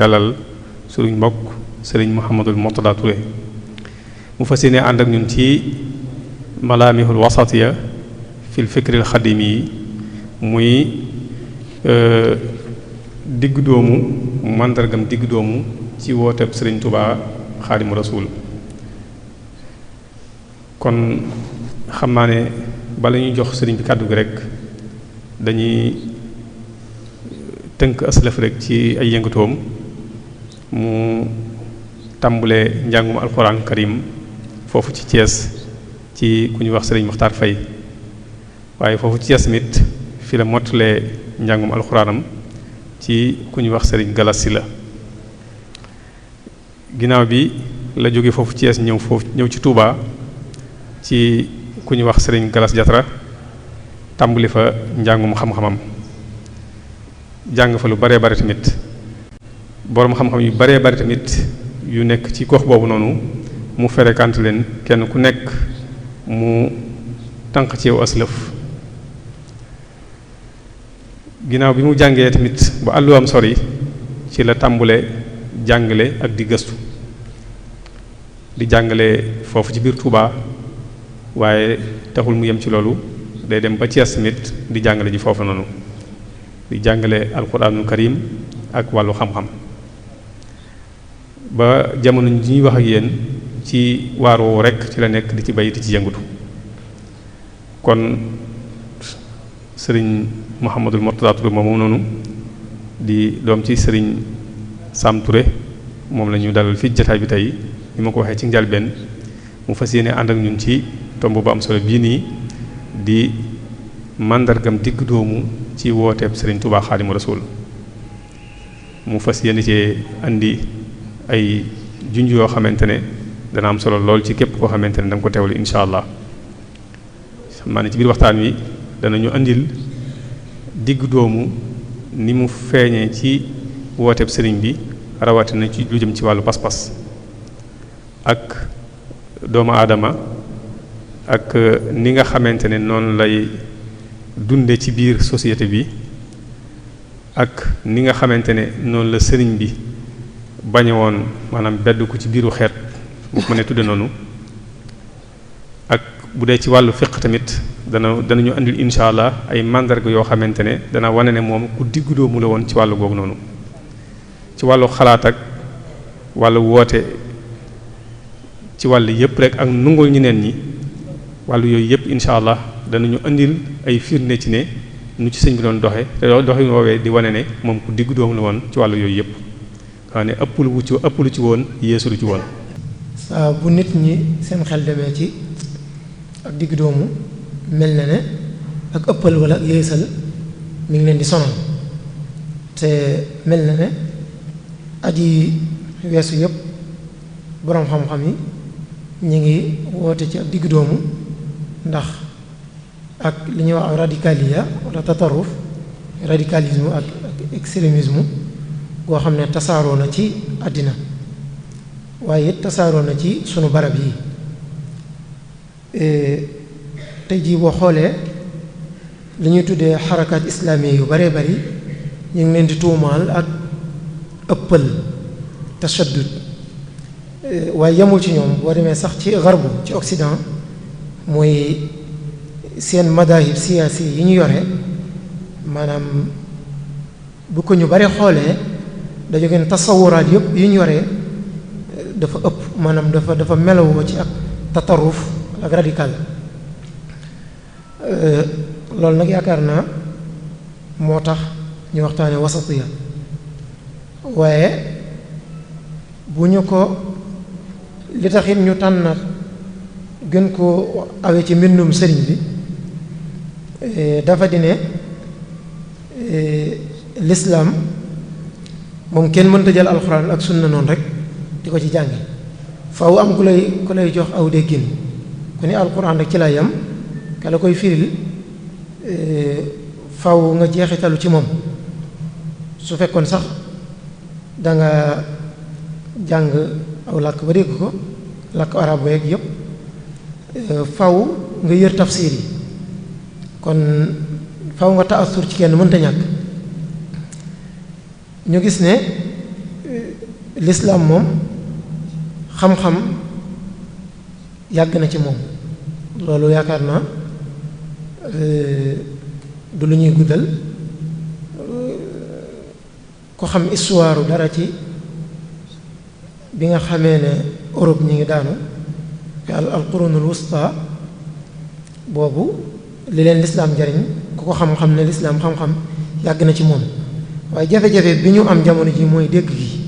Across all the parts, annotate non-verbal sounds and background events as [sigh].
dalal suñu mbokk sëriñ Mouhamadul Mourtada Touré mu fas yéene ànd ak ñun ci malaamihul wasatiya fil fikril xadim yi muy euh, digg doomu màndargam digg doomu ci wooteeb sëriñ Touba xaadimu rasuul kon xam naa ne bala ñuy jox sëriñ bi kàddu gi rek dañuy tënk aslaf rek ci ay yëngutoom mu tàmbulee njàngum alxuraan karim foofu ci Thiès ci ku ñuy wax sëriñ Muxtaar Fay waaye foofu ci Thiès mit fi la mottalee njàngum alxuraanam ci ku ñuy wax sëriñ Galas si la ginnaaw bi la jóge foofu Thiès ñëw foofu ñëw ci Touba ci ku ñuy wax sëriñ Galas Jatra tàmbuli fa njàngum xam-xamam jàng fa lu bare bare tamit borom xam-xam yu baree bari tamit yu nekk ci gox boobu noonu mu fréquente leen kenn ku nekk mu tànq ci yow ginnaaw bi mu jàngee tamit ba àlluwaam sori ci la tàmbule jàngale ak di gëstu di jàngale foofu ci biir Touba waaye taxul mu yem ci loolu day dem ba Thiès tamit di jàngale ji foofa noonu di jàngale alquranul karim ak wàllu xam-xam ba jamono ji ñuy wax ak yéen ci waar woowu rek ci la nekk di ci bay di ci yëngatu kon sëriñ Mouhamadul Mourtada Touré moomu noonu di doom ci sëriñ Sam moom la ñu dalal fii jataay bi tey ni ma ko waxee ci njëlbeen mu fas yéene ànd ak ñun ci tomb bu am solo bii nii di màndargam digg doomu ci wooteeb sëriñ Touba Xaadimu Rasuul mu fas yéene cee andi. ay junj yoo xamante ne dana am solo lool ci képp koo xamante ne da ko teewlu incha allah xam ci biir waxtaan wi danañu andil diggu doomu ni mu feeñee ci wooteeb sëriñ bi rawatina ci lu jëm ci wàllu pas-pas ak doomu aadama ak ni nga xamante ne noonu lay dunde ci biir société bi ak ni nga xamante ne noonu la sëriñ bi bañe woon maanaam bedd ko ci biiru xeet bu ko mënee tudde noonu ak bu dee ci wàllu fiq tamit dana danañu indil insha allah ay mandarga yoo xamante ne dana wane ne moom ku diggudoo mu la woon ci wàllu googu noonu ci wàllu xalaat ak wàllu woote ci wàllu yëpp rek ak nungul ñeneen ñi wàllu yooyu yëpp insha allah danañu andil ay firnde ci ne nu ci sëñ doon doxe te doxe woowee di wane ne moom ku diggu doomu la woon ci wàllu yooyu yëpp xam ne ëpp lu ci ëpp lu ci woon yeesu lu ci woon. saa bu nit ñi seen xel demee ci ak digg doomu mel na ne ak ëppal wala ak yeesal mi ngi leen di sonal te mel na ne aji weesu yëpp boroom xam-xam yi ñu ngi woote ci ak digg doomu ndax ak li ñuy wax radicaliya wala tataruf radicalisme ak ak boo xam ne tasaaroo na ci àddina waaye it tasaaroo na ci suñu barab yi e, tey jii boo xoolee li ñuy tuddee xarakaat islaamiya yu baree bari ñu ngi leen di tuumaal ak ëppal tashaddud e, waaye yemul ci ñoom boo demee sax ci garbu ci occident mooy seen madahib siyaasi yi ñu yore maanaam bu ko ñu bare xoolee dañu gën tasawuraat yëpp yi ñu yoree dafa ëpp maanaam dafa dafa melawoo ci ak tataruf ak radical euh, loolu nag yaakaar naa moo tax ñu waxtaane wasatiya waaye bu ñu ko li taxit ñu tànnaat gën koo awee ci mbindum sëriñ bi euh, dafa di euh, lislaam moom kenn mënta jël alxuraan ak sunna noonu rek di ko ci jàngi faaw am ku lay ku lay jox aw déggin ku ne alxuraan rek ci lay am ka la koy firil eh, faw nga jeexitalu ci moom su fekkoon sax danga jàng aw làkk ba dégg ko làkk arab ba yëpp eh, faw nga yër tafsir yi kon faw nga taasur ci kenn mënta ñàkk ñu gis ne euh, lislaam moom xam-xam yàgg na ci moom loolu yaakaar naa euh, du lu ñuy guddal euh, ku xam histoire dara ci bi nga xamee ne Europe ñu ngi daanu te al alqurunul wusta boobu li leen lislaam njariñ ku ko xam-xam ne lislaam xam-xam yàgg na ci moom waaye jafe-jafe bi ñu am jamono ji mooy dégg gi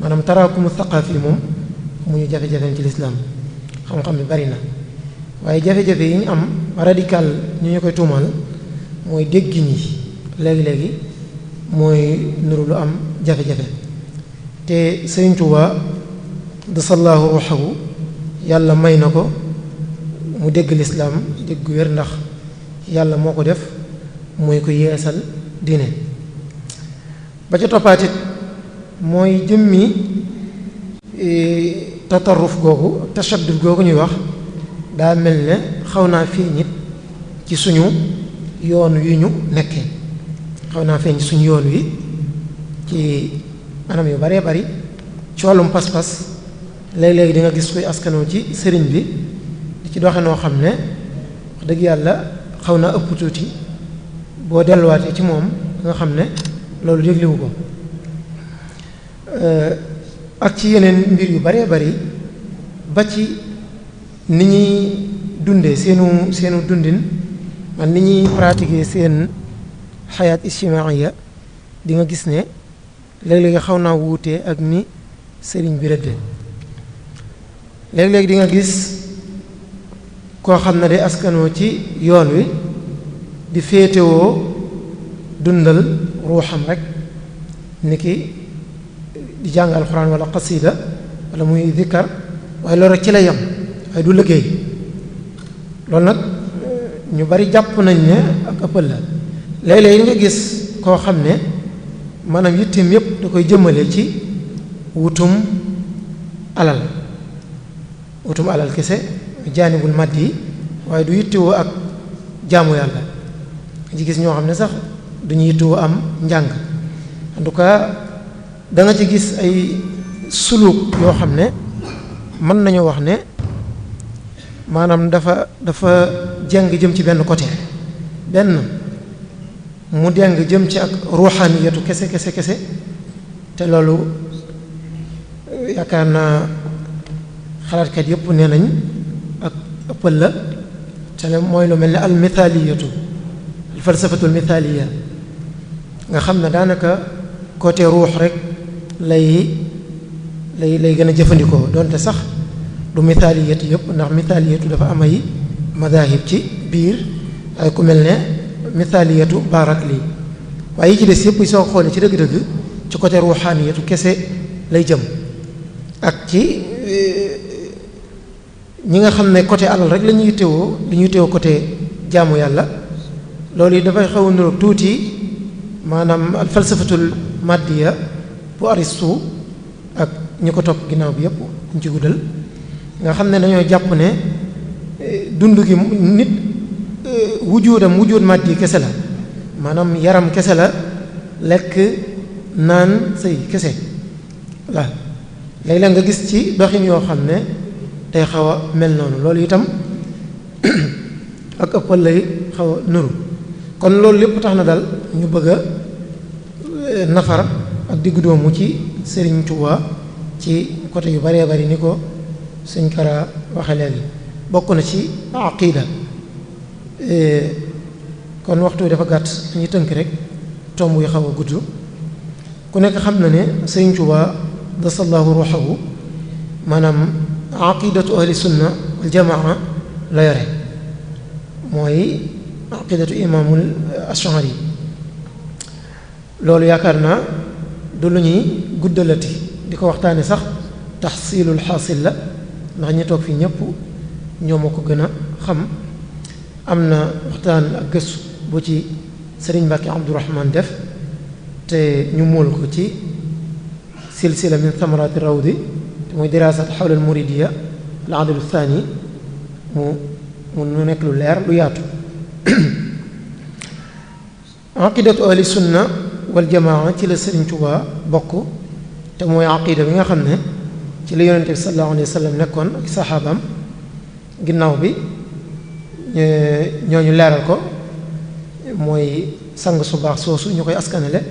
maanaam taraakumu saqaaf yi moom mu ñu jafe-jafeem ci lislaam xam-xam bi bari na waaye jafe-jafe yi ñu am radical ñu ñu koy tuumaal mooy dégg ñi léegi-léegi mooy nuru lu am jafe-jafe te Sëriñ Tuubaa dasallahu ruuxahu yàlla may na ko mu dégg lislaam dégg wér ndax yàlla moo ko def mooy ko yeesal diine ba ca toppaatit mooy jëmmi e, tatarruf googu tashaddud googu ñuy wax daa mel ne xaw naa fii nit ci suñu yoon wi ñu nekkee xaw naa feeñ suñu yoon wi ci anam yu baree bari ci wàllum pas-pas léeg-léeg di nga gis kuy askanoo ci sëriñ bi di ci doxe noo xam ne dëgg yàlla xaw naa ëpp tuuti boo delluwaatee ci moom nga xam ne loolu dégluwu ko ak ci yeneen mbir yu baree bari ba ci ni ñuy dundee seenu seenu dundin man ni ñuy pratiquer seen xayaat ijtimaaiya di nga gis ne léeg-léeg xaw naa wuutee ak ni sëriñ bi rëdde léeg-léeg di nga gis koo xam ne day askanoo ci yoon wi di féetewoo dundal ruuxam rek ni ki di jàng alxuraan wala xasida wala muy dikkar waaye loolu rek ci lay yam waaye du liggéey loolu nag ñu bari jàpp nañ ne ak ëppal la léeg-léeg nga gis koo xam ne maanaam yittim yépp da koy jëmmalee ci wutum alal wutum alal kese jaanibul màdd yi waaye du yittewoo ak jaamu yàlla ji gis ñoo xam ne sax du ñuy tuwa am njàng en tout da nga ci gis ay suluk yoo xam ne mën nañu wax ne maanaam dafa dafa jeng jëm ci benn côté benn mu jeng jëm ci ak ruuxaaniyatu kese kese kese te loolu yaakaar na xalaatkat yëpp ne nañ ak ëppal la te mooy lu mel ne almithaaliyatu alfalsafatu almithaaliya nga xam ne daanaka côté ruux rek lay lay lay gën a jëfandikoo donte sax du mithaaliyatu yëpp ndax mithaaliyatu dafa am ay madahib ci biir ay ku mel ne mithaaliyatu Baarakli waaye yi ci des yëpp soo xoolee ci dëgg-dëgg ci côté ruuxaaniyatu kese lay jëm ak ci e, ñi nga xam ne côté alal rek la ñuy teewoo li ñuy teewoo côté jaamu yàlla loolu yi dafay xaw niroog tuuti. maanaam al falsafatul maddiya bu Aristo ak ñi ko topp ginnaaw bi yépp ñu ci guddal nga xam ne dañoo jàpp ne eh, dund gi nit eh, wujuudam wujuud maddi kese la maanaam yaram kese la lekk naan sëy kese la léeg-léeg nga gis ci doxin yoo xam ne tey xaw a mel noonu loolu itam [coughs] ak ëppal lay xawa a nuru kon loolu lépp tax na dal ñu bëgg a euh, nafar ak diggu doomu ci Serigne Touba ci côté yu baree bari ni ko sëñ Kara waxe bokk na ci aqida euh, kon waxtu wi dafa gàtt ñu tënk rek tomb yu xaw a gudd ku nekk xam na ne Sëriñ Tuubaa dasallahu ruuxahu maanaam aqidatu ahli sunna wal jamaa la yore mooy aqidatu imaamul yi loolu yaakaar naa du lu ñuy guddalati di ko waxtaane sax taxsiilul xaasil la ndax ñi fii ñëpp ñoo ma ko gën a xam am na waxtaan ak gëstu bu ci sëriñ Mbàkke Abdourahman def te ñu muul ko ci silsila min thamaraati rawdi te muy diraasat xawla al muridiya al adlu thani mu mu nekk lu leer lu yaatu aqidatu ahli sunna wal jamaa ci la Sëriñ Tuubaa bokk te mooy aqida bi nga xam ne ci la yonente bi sallallahu alayhi wa sallam nekkoon ak saxaabam ginnaaw bi ñooñu leeral ko mooy sang su baax soosu ñu koy askanale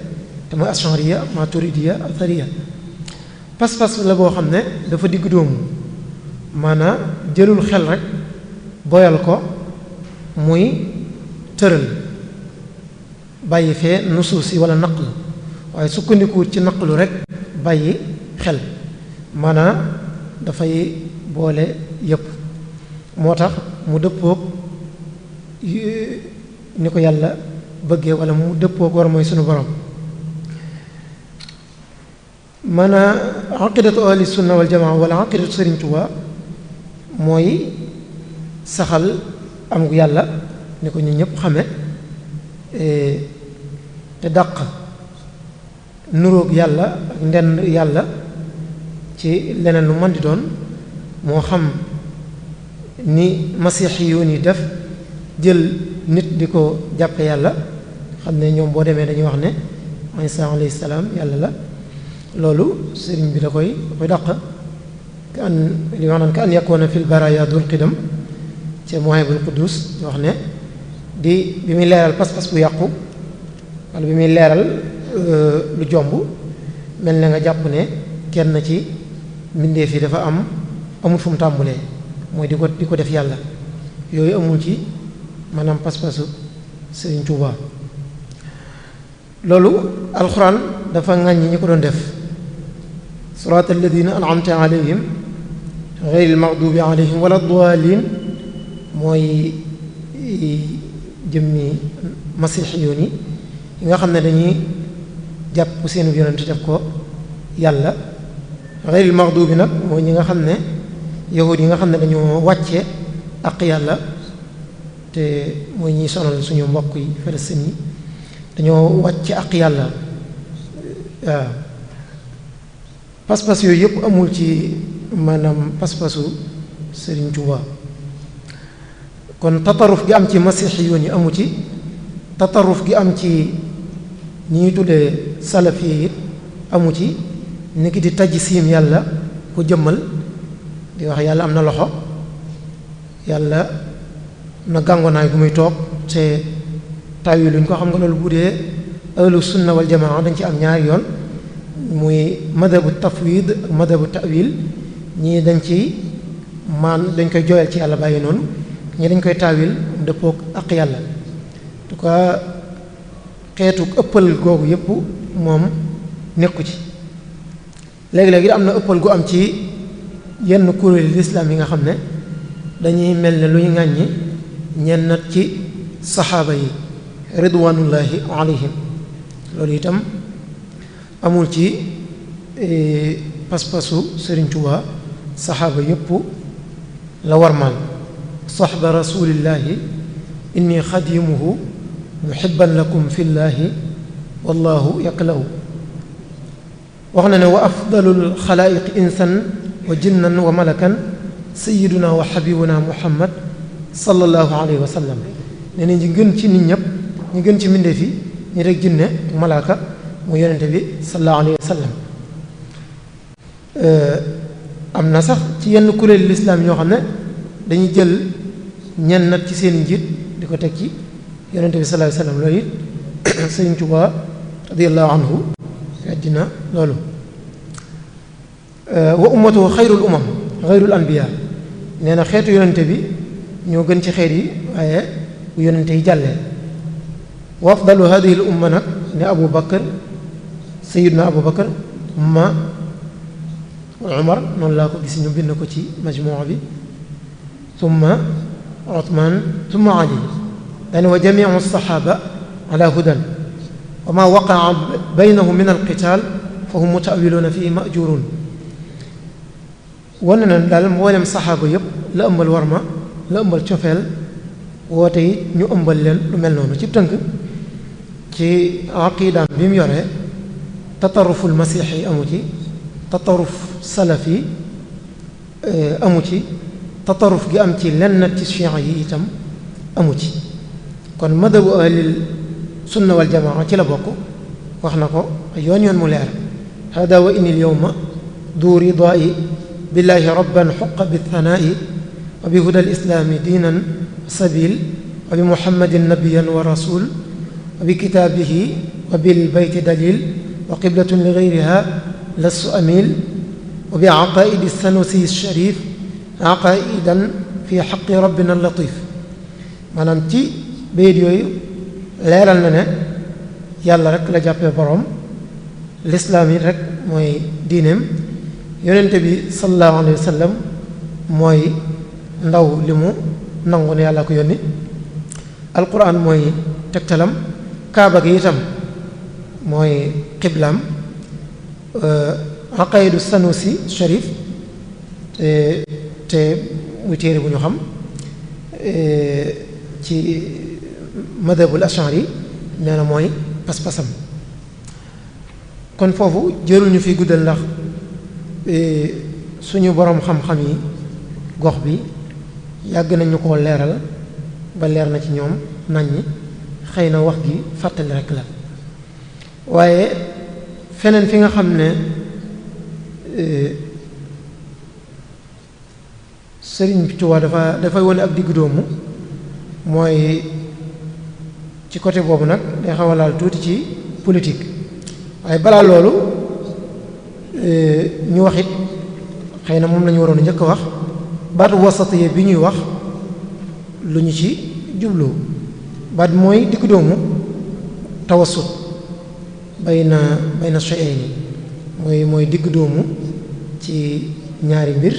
te mooy ashariya maturidiya athariya pas-pas la boo xam ne dafa digg doomu maanaa jëlul xel rek boyal ko muy tëral bàyyi fee nusuus yi wala naqlu waaye sukkandikuwut ci naqlu rek bàyyi xel maanaa dafay boole yépp moo tax mu dëppoog ni ko yàlla bëggee wala mu dëppoog war mooy suñu borom maanaa aqidatu ahli sunna wal jamaa wala aqidatu Sëriñ mooy saxal am gu yàlla ni ko ñu ñëpp xame eh, te dàq nuróog yàlla ak ndend yàlla ci leneen lu mën di doon moo xam ni masiix yoon yi def jël nit di ko jàpp yàlla xam ne ñoom boo demee dañuy wax ne Isa alayhi salaam yàlla la loolu sëriñ bi da koy koy dàq ka an li wax naan ka an yakuna fil baraya dul qidam ca Mawahibul Quddus wax ne di bi muy leeral pas-pas bu yàqu wala bi muy leeral lu euh, jomb mel na nga jàpp ne kenn ci mbindeef yi dafa am amul fu mu tàmbulee mooy di ko di ko def yàlla yooyu amul ci maanaam pas-pasu Sëriñ Tuuba loolu alxuraan dafa ŋàññi ñi ko doon def siraat alladina an'amta alayhim ghayril maghdubi alayhim wala daalin mooy jëmmi masiix yoon yi yi nga xam ne dañuy jàpp seen yonent def ko yàlla xeyril bi nag mooy ñi nga xam ne yahud yi nga xam ne dañoo wàcce ak yàlla te mooy ñiy sonal suñu mbokk yi Palestine yi dañoo wàcce ak yàlla waaw pas-pas yooyu yëpp amul ci maanaam pas-pasu Serigne Touba kon tataruf gi am ci masiix yoon yi amu ci tataruf gi am ci ñu ngi tuddee salafiyé amu ci ni di taj siim yàlla ku jëmmal di wax yàlla am na loxo yàlla na gàngonaay bu muy toog te tawyi luñ ko xam nga loolu bu dee ahlu sunna wal jamaa dañ ci am ñaari yoon muy madhabu tafwid ak madhabu taawil ñii dañ ci maan dañ koy jooyal ci yàlla bàyyi noonu ñii dañ koy tawil dëppook ak yàlla en tout xeetu ëppal googu yépp moom nekku ci léegi-léegi am na ëppal gu am ci yenn kuréel lislaam yi nga xam ne dañuy mel ne lu ñu ŋàññi ñennat ci saxaaba yi ridwanullahi alayhim loolu itam amul ci e, pas-pasu Sëriñ Tuubaa saxaaba yépp la warmaan soxba rasulillahi inni xadimuhu muhibban lakum fi llaahi wallaahu wax na ne wa afdalul xalaayiq insan wa jinnan wa malakan sayiduna wa xabibuna muhammad sallallahu alayhi wa ñi gën ci nit ñëpp ñi gën ci mbindeef yi ñi rek jinne malaaka mu yonente bi sallallahu alayhi wa sallam am na sax ci yenn kuréelu lislaam ñoo xam ne dañu jël ñenn ci seen njiit di ko teg ci yonente bi sallallahu alayhi wasallam loolu it [coughs] sëñ Tuubaa radiyallahu anhu weddina loolu euh, wa ummatuhu xayrul umam xayrul anbiya nee na xeetu yonente bi ñoo gën ci xeet yi waaye bu yonente yi jàllee wa afdalu hadihi l umma abu bakar sayiduna abu bakar ma umar noonu laa ko gis ñu bind ko ci majmuwa bi يعني وجميع الصحابة على هدى وما وقع بينهم من القتال فهم متأولون فيه مأجورون wane daal mboolem saxaaba yëpp la ëmbal warma la ëmbal cofeel woote it ñu ëmbal leen lu mel noonu ci tënk ci aqidaam bi mu yore tataruful masiixi amu ci tataruf salafi amu ci tataruf gi am ci lenn ci chiites yi itam amu ci kon madhabu ahlil sunna wal jamaa ci la bokk wax na ko yoon yoon mu leer hada wa inil yowma du ridaai billaahi rabban xuqa bithanaa'i wa bi huda alislaami diinan sabil wa bi muhammadin nabiyan wa rasul wa bi kitaabihi wa bil bayti dalil wa qiblatun li gayriha lastu amil wa bi aqaaidi sanusi sharif aqaaidan fi xaqi rabbina latif maanaam ci bayit yooyu leeral na ne yàlla rek la jàppee boroom lislaam yi rek mooy diineem yonente bi sallallahu alayhi wa mooy ndaw li mu nangu ne yàlla ko yónni alquran mooy tegtalam kaaba gi itam mooy xiblaam aqaidu sanusi sharif te te muy téere bu ñu xam ci madhabul ashari yi nee na mooy pas-pasam kon foofu jërul fi guddal ndax eh, suñu boroom xam-xam yi gox bi yàgg nañu ko leeral ba leer na ci ñoom nañ ñi xëy na wax gi fàttali rek la waaye feneen fi nga xam ne eh, sëriñ bi Tuubaa dafa dafay wone ak diggu doomu mooy ci côté boobu nag day xaw a tuuti ci politique waaye balaa loolu eh, ñu waxit it xëy na moom lañu ñu waroon njëkk wax baatu wasatiye bi ñuy wax lu ñu ci jublu baat mooy diggu doomu tawasut bay na bay na shay'ayn mooy mooy diggu doomu ci ñaari mbir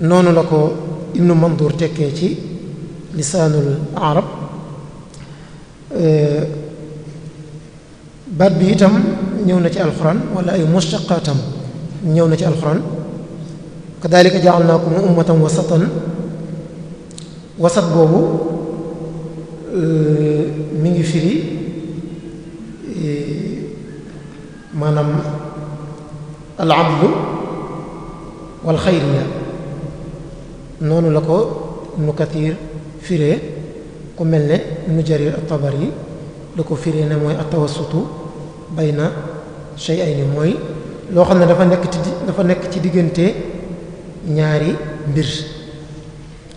noonu la ko ibnu mandur tekkee ci lisaanul arab Euh, baat bi itam ñëw na ci alxuraan wala ay mustaqaatam ñëw na ci alxuraan kadalika ja'alnaakum ummatan wasatan wasat boobu euh, mi ngi firi euh, maanaam al adlu wal noonu la ko nu katiir firee ku mel ne ibnu jarir at-tabari da ko firi ne mooy at-tawassutu bayna shay'ayni mooy loo xam ne dafa nekk ci dafa nekk ci diggante ñaari mbir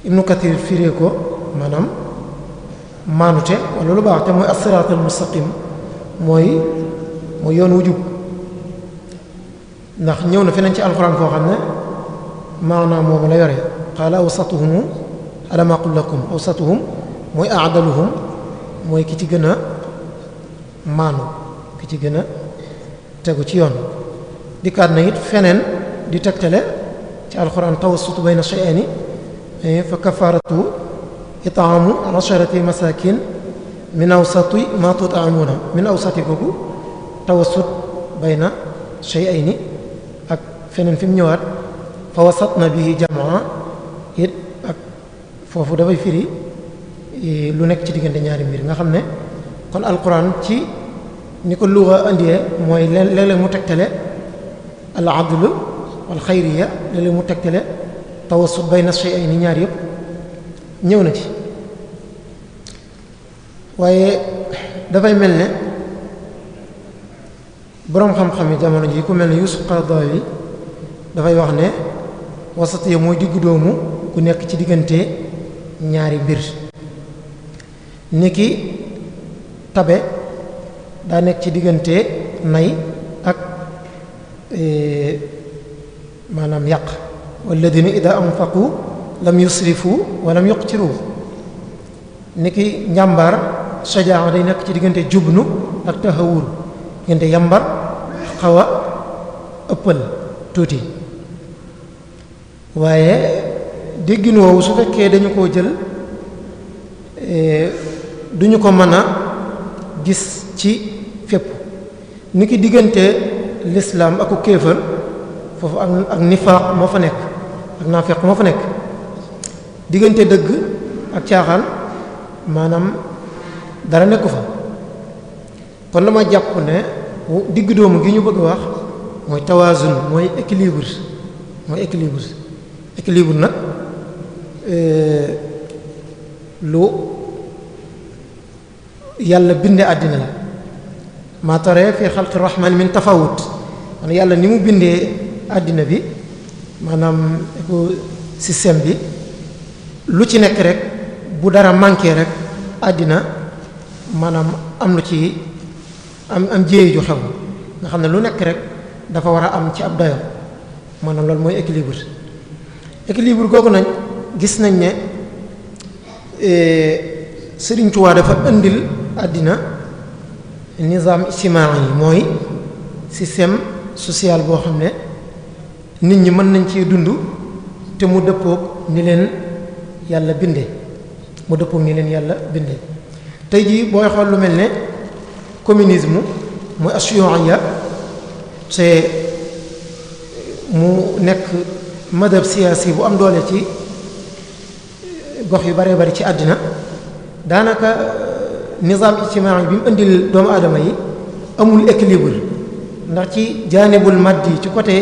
ibnu kathir firee ko maanaam maanute wala lu baax te mooy as-siraatal ndax ñëw na feneen ci alxuraan foo xam ne maanaam moomu la yore qaala awsatuhum alam aqul lakum awsatuhum mooy aadaluhum mooy ki ci gën a maanu ki ci gën a tegu ci yoon dikkaat na it feneen di tegtale ci alxuraan tawassut bayna shay'aini eh, fa kafaratu itaamu asharati masakin min awsati ma tutaamuuna min awsati kooku tawassut bayna shay'aini ak feneen fi mu ñëwaat fa wasatna bihi jamaa it ak foofu dafay firi Eh, lu nekk ci diggante ñaari mbir nga xam ne kon alquran ci ni ko luga andiyee mooy léeg-léeg mu tegtale al adlu wal xayriya léeg-léeg mu tegtale tawassut bayna shay'ayni ñaar yëpp ñëw na ci waaye dafay mel ne boroom xam-xam yi jamono ji ku mel ne Yusuf Qaradawi dafay wax ne wasat ya mooy diggu doomu ku nekk ci diggante ñaari mbir niki tabe daa nekk ci diggante nay ak e, maanaam yàq walladina ida anfaqu lam yusrifu ci lam ni ki njàmbar sajaa day nekk ci diggante jubnu ak taxawur diggante yambar xaw a ëppal tuuti waaye déggin woowu su fekkee dañu koo jël e, duñu ko mën a gis ci fépp ni ki diggante l'islam ak ku kéefër foofu ak ak nifaaq moo fa nekk ak naafeq moo fa nekk diggante dëgg ak caaxaan maanaam dara nekku fa kon dama jàpp ne digg doom gi ñu bëgg wax mooy tawazun mooy équilibre mooy équilibre équilibre nag euh, lu yàlla binde àddina la maa tare fi xalqi rahmani min tafawut man yàlla ni mu bindee àddina bi maanaam écosystème bi lu ci nekk rek bu dara manqué rek àddina maanaam am lu ci am am jéey ju xew nga xam ne lu nekk rek dafa war a am ci ab dayo maanaam loolu mooy équilibre équilibre googu nañ gis nañ ne eh, Sëriñ Tuubaa dafa indil àddina nizaam ijtimaai yi mooy système social boo xam ne nit ñi mën nañ ci dund te mu dëppook ni leen yàlla binde mu dëppoog ni leen yàlla bindee tey jii booy xool lu mel ne communisme mooy assuyoya c'est mu nekk madhab siyaasi bu am doole ci gox yu bare bari ci àddina daanaka nizaam ijtimaai bi mu indil doomu aadama yi amul équilibre ndax ci jaanibul yi ci côté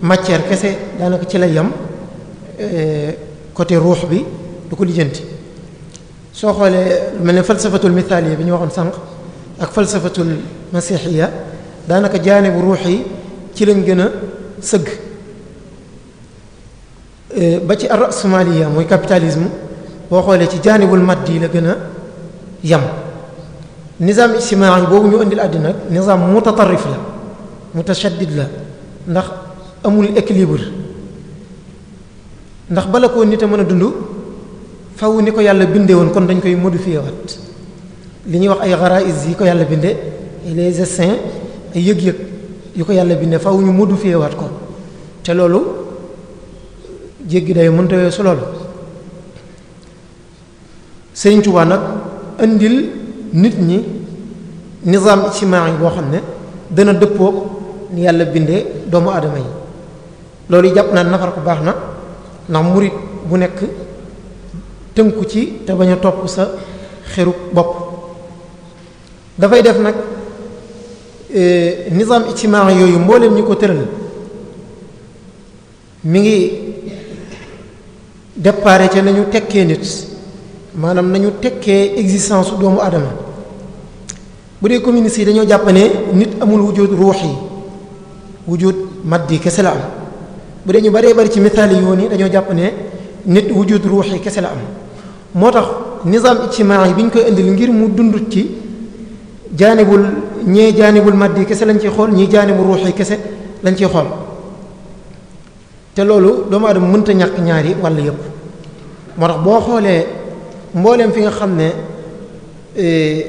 matière kese daanaka ci la yem euh, côté ruux bi du ko lijjanti soo xoolee mel ne falsafatul mithaaliya bi ñu waxoon sànq ak falsafatul masixiya daanaka jaanibu ruux yi ci lañ gën a sëgg euh, ba ci arrasmaliya mooy capitalisme boo xoolee ci jaanibul yi la gën a yam nizaam ijtimaa'i boobu ñu indil àddina nag nizaam mutatarrif la mutashaddid la ndax amul équilibre ndax bala koo nit a mën a dund faw ni ko yàlla bindee woon kon dañ koy modifié waat li ñuy wax ay garaïs yi ko yàlla bindee les essais ay yëg-yëg yu ko yàlla bindee faw ñu modifié waat ko te loolu jéggi day mënta weesu loolu Sëriñ Tuubaa nag indil nit ñi nizaam ijtimaai boo xam ne dana dëppook yàlla bindee doomu aadama yi loolu jàpp naa nafar ko baax na ndax murit bu nekk tënku ci te bañ a topp sa xeru bopp dafay def nag e, nizaam ijtimaai yooyu mbooleem ñi ko tëral mi ngi déparé ca nañu tekkee nit maanaam nañu tekkee existence su doomu aadama bu dee communiste yi dañoo jàppane nit amul wujud ruux yi wujud maddi kese la am bu dee ñu baree bari ci misaal yi yoon yi dañoo jàppane ne nit wujud ruux yi kese la am moo tax nizaam ijtimaa yi bi ñu koy indil ngir mu dund ci jaanibul ñee jaanibul maddi kese lañ ciy xool ñii jaanibul ruux yi kese lañ ciy xool te loolu doomu aadama mënta ñàkk ñaari wàll yépp moo tax boo xoolee mbooleem fi nga xam ne e,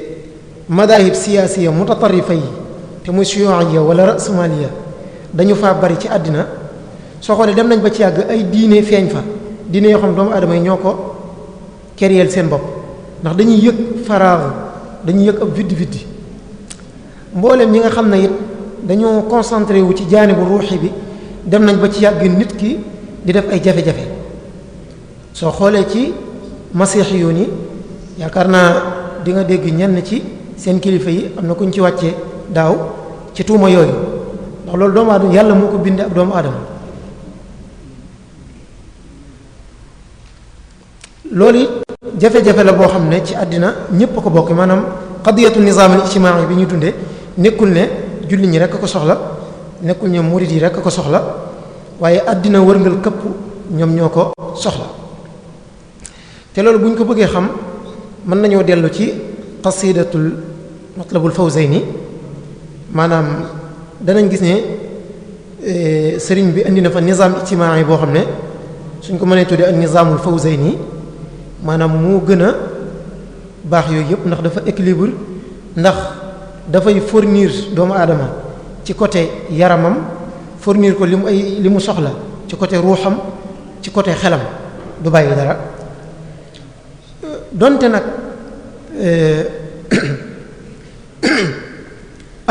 madahib siyaasiya mutatarifa yi te muy suyuuya wala rasmaliya dañu fa bari ci àddina soo xoolee dem nañ ba ci yàgg ay diine feeñ fa diine yoo xam doomu aadama yi ñoo ko kereel seen bopp ndax dañuy yëg faraaru dañuy yëg ab viddi viddi mbooleem ñi nga xam ne it dañoo concentré wu ci jaani bu ruuxi bi dem nañ ba ci yàgg nit ki di def ay jafe-jafe soo xoolee ci masiixiyuun yi yaakaar naa di nga dégg ñenn ci seen kilifa yi am na kuñ ci wàcce daaw ci tuuma yooyu ndax loolu doomu aadama yàlla moo ko bind ab doomu aadama loolu jafe-jafe la boo xam ne ci àddina ñépp a ko bokk maanaam qadiyatu nizaam al ijtimaai bi ñu dundee nekkul ne julli ñi rekk ko soxla nekkul ne murit yi rekk ko soxla waaye àddina wërngal këpp ñoom ñoo ko soxla te loolu bu ñu ko bëggee xam mën nañoo dellu ci qasidatul matlabul nii maanaam danañ gis ne e, sëriñ bi indi na fa nizaam yi boo xam ne suñ ko mënee tuddee ak nizaamul nii maanaam moo gën a baax yooyu yëpp ndax dafa équilibre ndax dafay fournir doomu aadama ci côté yaramam fournir ko li mu ay li mu soxla ci côté ruuxam ci côté xelam du bàyyi dara donte nag eh,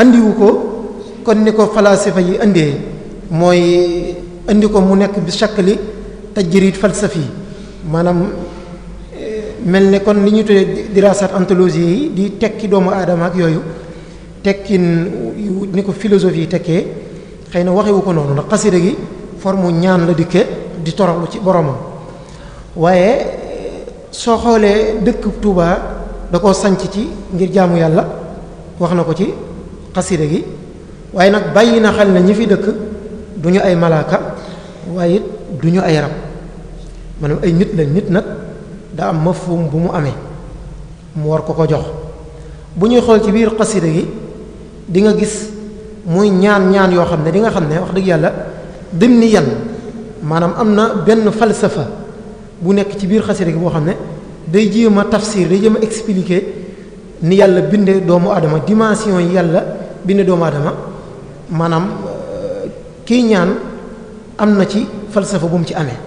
[coughs] andiwu ko kon ni ko fa yi indee mooy indi ko mu nekk bi shakli tajrid falsafi maanaam eh, mel ne kon li ñu tuddee dirasat anthologie yi di tekki doomu aadama ak yooyu tekkin ni ko philosophie yi tekkee xëy na waxewu ko noonu ndax xasida gi forme ñaan la dikke di toroxlu ci boromam waaye soo xoolee dëkk tuubaa da ko sanc ci ngir jaamu yàlla wax na ko ci xasida gi waaye nag bàyyi na xel ne ñi fi dëkk du ñu ay malaaka waaye it du ñu ay rab maanaam ay nit la nit nag daa am mafhum bu mu amee mu war ko ko jox bu ñuy xool ci biir xasida gi di nga gis muy ñaan ñaan yoo xam ne dinga xam ne wax dëgg yàlla ni yan maanaam am na benn falsafa bu nekk ci biir xasida gi boo xam ne day jéem a tafsir day jéem a expliquer ni yàlla bindee doomu adama dimension yi yàlla bindee doomu adama maanaam euh, kii ñaan am na ci falsafa bu mu ci amee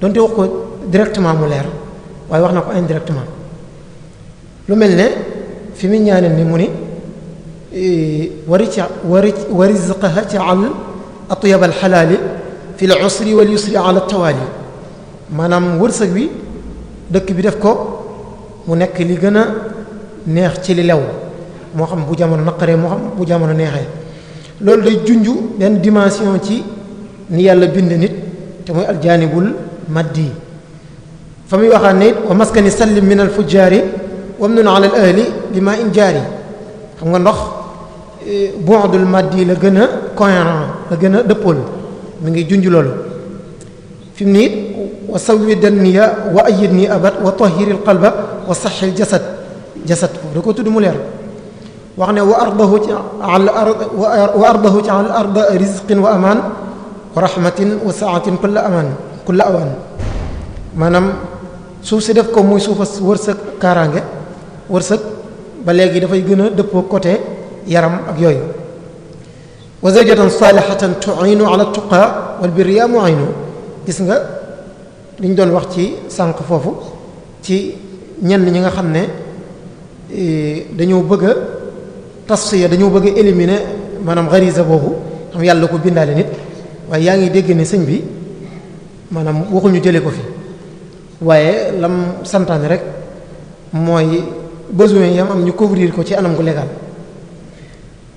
donte wax ko directement mu leer waaye wax na ko indirectement lu mel ne fi mu ñaaneen ni mu ni warica wari warisqaha caal atyab alxalaali fi l usri wal yusri ala tawaali maanaam wërsëg wi dëkk bi def ko mu nekk li gën a neex ci li lew moo xam bu jamono naqaree moo xam bu jamono neexee loolu day junj benn dimension ci ni yàlla bind nit te mooy aljaanibul maddi fa muy waxaat ne wa maskani sallim min al fujjaari wamnun ala al ahli bi ma in jaari xam nga ndox e, bu'dul maddi la gën a cohérent la gën a dëppool mu ngi junj loolu fi mu wa sawwi danniya wa ayid nii abat wa tahiril qalba wa saxil jasad jasad ko da ko tudd mu leer wax ne wa ardahu ci al ard wa ardahu ci al ard wa amaan wa rahmatin wa saatin kulla amaan kulla awaan maanaam suuf si def ko muy suufa wërsëg kaaraange wërsëg ba léegi dafay gën a dëppoo côté yaram ak yooyu wa zawjatan salihatan tu'inu ala tuqa wal birri mu'inu gis nga li ñu doon wax ci sànq foofu ci ñenn ñi nga xam ne e, dañoo bëgg a tasfiya dañoo bëgg a éliminer maanaam gharisa boobu xam yàlla ko bindaale nit waaye yaa ngi dégg ne sëñ bi maanaam waxuñu jëlee ko fi waaye lam santaane rek mooy besoin yam am ñu couvrir ko ci anam gu légal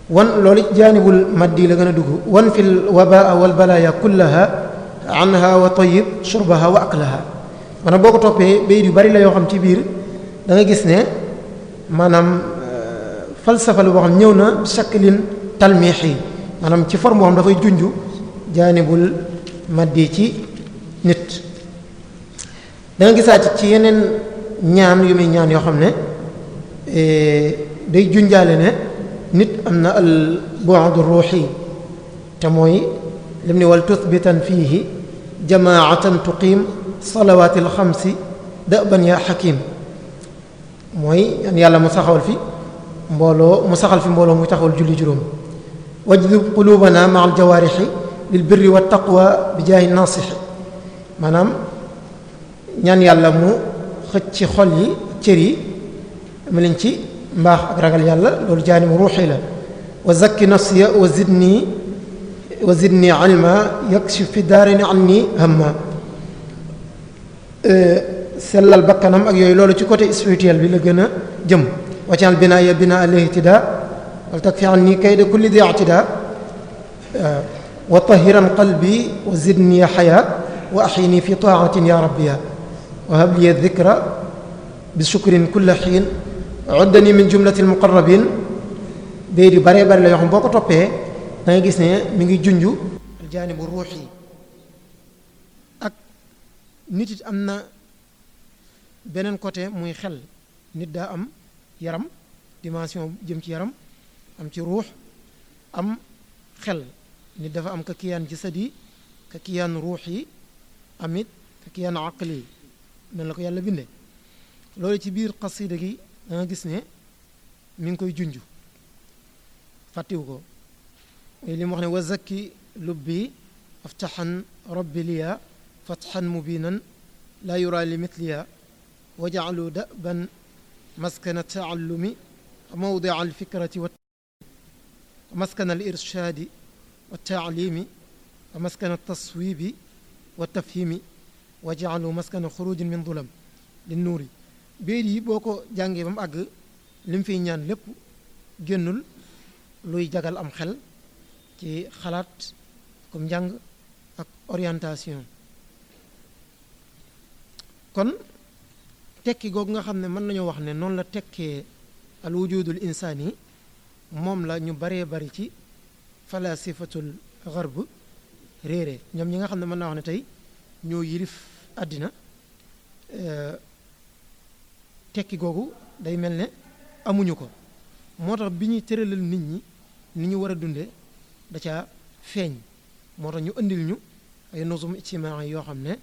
wan loolu jaanibul maddi la gën a dugg wan fil wabaa wal kullaha anha wa tayyib shurbaha wa aqlaha maanaam boo ko toppee bayit yu bari la yoo xam ci biir dangay gis ne maanaam euh, falsafa la boo xam ñëw na shaklin yi maanaam ci forme boo xam dafay junj jaanibul maddi ci nit da nga gisaat ci yeneen ñaan yu muy ñaan yoo xam ne eh, day junjaale ne nit am na al bu'd ruuhi te mooy lim ni wal tuthbitan fiihi jamaatan tuqiim salawaatil xamsi dëban ya xakim mooy yan yàlla mu saxawal fi mbooloo mu saxal fi mbooloo muy taxawal julli juróom wajdub quluubana ma al jawaarixi lil birri wa taqwa bi jaahi nasixi maanaam ñaan yàlla mu xëcc ci xol yi cër yi mu leen ci mbaax ak ragal yàlla loolu jaani mu ruuxi la wa zakki nafsiya wa zidni wa zidni ilma yakshif fi daarini anni hamma sellal bakkanam ak yooyu loolu ci côté spirituel bi la gën a jëm waccal binaa ya binaa al ihtida wal takfi anni kayda kulli di i'tida wa tahiran qalbi wa zidni haya wa ahyini fi taatin ya rabbiya wa hab li dhikra bi shukrin kulla hiin uddani min jumlati al muqarrabin bay di bare bare la yoo xam boo ko da gis ne mi ngi junj aljaanibu ruux yi ak nit it am na beneen côté muy xel nit daa am yaram dimension jëm ci yaram am ci ruux am xel nit dafa am ka kiyaan jasad yi ka kiyaan ruux yi am it ka kiyaan aql yi noonu la ko yàlla bindee loolu ci biir xasida gi da gis ne mi ngi koy junj fàttiwu ko Eh, li mu wax ne wa zakki lubbi aftaxan rabbi liya fatxan mubinan laa yura li mitliya wajaalu daban maskana taallumi mawdia alfikrati wa maskana alirshadi wa taalimi wa maskana taswibi wa tafhimi wajaalu maskana xurujin min dulam li nuuri béer yi boo ko jàngee ba mu àgg li mu fiy ñaan lépp génnul luy jagal am xel ci xalaat comme njàng ak orientation kon tekki googu nga xam ne mën nañoo wax ne noonu la tekkee al wujudul insaani moom la ñu baree bari ci falasifatul garb réere ñoom ñi nga xam ne mën naa wax ne tey ñoo yilif àddina euh, tekki googu day mel ne amuñu ko moo tax bi ñuy tëralal nit ñi ni ñu war a dunde da caa feeñ moo tax ñu indil ñu ay nuzum ijtimaa yoo xam ne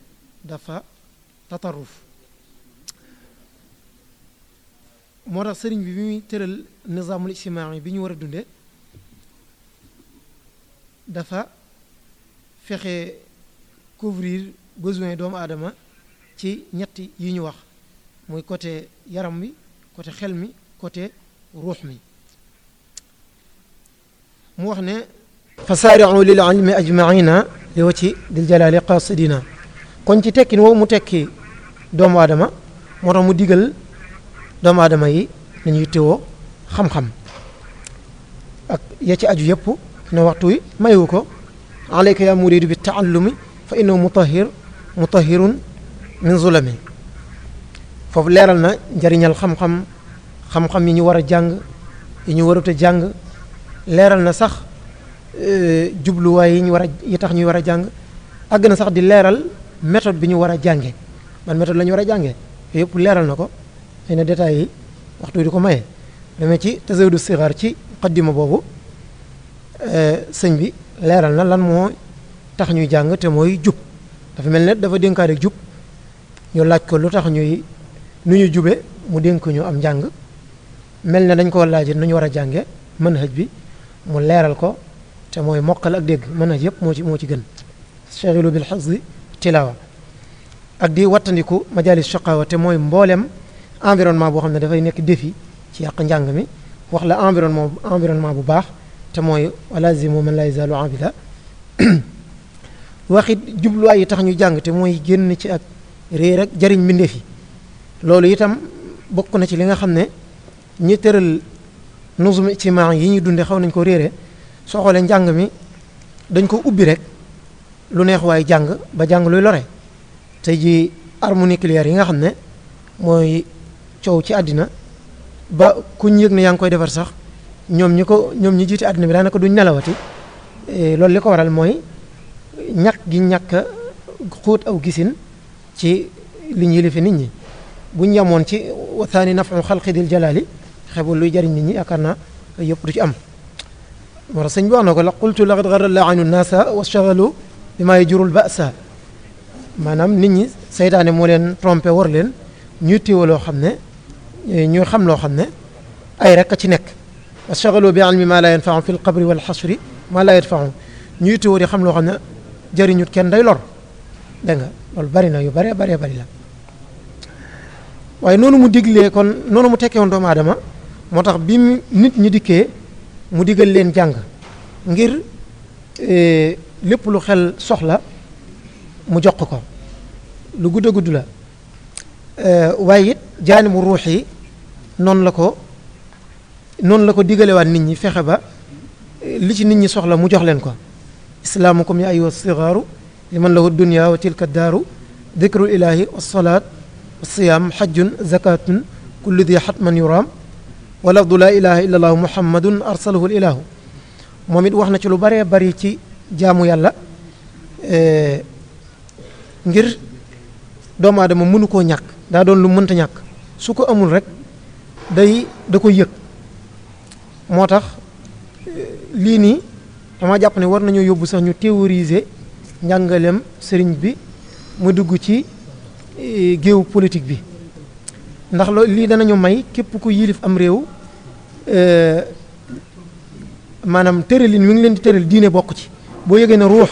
dafa tataruf moo tax sëriñ bi bi muy tëral nizaamul yi bi ñu war a dunde dafa fexe couvrir besoin doomu aadama ci ñetti yi ñu wax muy côté yaram wi côté xel mi côté ruux mi mu wax ne fa saari'u lil ilmi ajmaina li wacci dil jalaali qasidina kon ci tekkin woowu mu tekki doomu aadama moo tax mu digal doomu aadama yi nañuy tewoo xam-xam ak ya ci aju yëpp ne waxtu wi mayu ko alayka ya muridu bi taallumi fa innahu mutahir mutahirun min foofu leeral na njariñal xam-xam xam-xam yi ñu war a jàng yi ñu warut a jàng leeral na sax Euh, jubluwaay yi ñu war a yi tax ñuy war a jàng àgg na sax di leeral méthode bi ñu war a jànge man méthode lañu war a jànge yëpp leeral na ko xëy na détails yi waxtu di ko maye demee ci tasawudu sixaar ci xaddima boobu euh, sëñ bi leeral na lan moo tax ñuy jàng te mooy jub dafa mel ne dafa dénkaat jub ñu laaj ko lu tax ñuy nu ñu jube mu dénk ñu am njàng mel ne dañ ko laaj nu ñu war a jànge manhaj bi mu leeral ko te mooy mokkal ak dégg mën na yëpp moo ci moo ci gën chaxilu bil xifzi tilawa ak di wattandiku majalis shaqawa te mooy mbooleem environnement boo xam ne dafay nekk défi ci yàq njàng mi wax la environnement environnement bu baax te mooy walazimu man la yazalu abida waxit jubluwaay yi tax ñu jàng te mooy génn ci ak réer ak jariñ mbindeef yi loolu itam bokk na ci li nga xam ne ñi tëral nuzum ijtimaa yi ñuy dunde xaw nañ ko réere soo xoolee njàng mi dañ ko ubbi rek lu neex waay jàng ba jàng luy lore tey ji armes nucléaires yi nga xam ne mooy coow ci àddina ba kuñ yëg ne yaa ngi koy defar sax ñoom ñi ko ñoom ñi jiite àddina bi daanaka duñ nelawati eh, loolu li ko waral mooy ñàkk gi ñàkk xuut aw gisin ci li ñuy lifi nit ñi buñ yemoon ci wasaani nafu xalqi dil jalaali xebul luy jariñ nit ñi yaakaar naa yëpp du ci am war a sëñ bi wax na ko la qultu laqad garra laanu naasa wastagalu bi maa jurul basa maanaam nit ñi saytaane moo leen trompé war leen ñuy téewa loo xam ne ñuy xam loo xam ne ay rek a ci nekk wastagalu bi almi maa laa yanfaahum fi lqabri wal xasri maa di xam loo xam ne jariñu kenn day lor dégg nga loolu bari na yu bare bare bari la waaye noonu mu diglee kon noonu mu tekkee won doomu aadama moo tax bi nit ñi dikkee mu digal leen jàng ngir eh, lépp lu xel soxla mu jox ko lu gudd a gudd la eh, waaye it jaani mu ruux yi noonu la ko noonu la ko digalewaat nit ñi fexe ba eh, li ci nit ñi soxla mu jox leen ko islaamukum ya ayuha sigaaru liman lahu dunya wa tilka daaru dikru ilaahi wa salaat wa siyaam xajjun zakatun kullu di xatman yuraam wa lafdu laa ilaha illa allahu muhammadun arsalahu l ilahu moom it wax na ci lu baree bari ci jaamu yàlla eh, ngir doomu aadama mënu koo ñàkk daa doon lu mënta ñàkk su ko amul rek day da koy yëg moo tax eh, lii nii dama jàpp ne war nañoo yóbbu sax ñu théoriser njàngalem sëriñ bi mu dugg ci eh, géew politique bi ndax loolu lii danañu may képp ku yilif am réew euh, maanaam tëralin wi ngi leen di tëral diine bokk ci boo yëgee ne ruux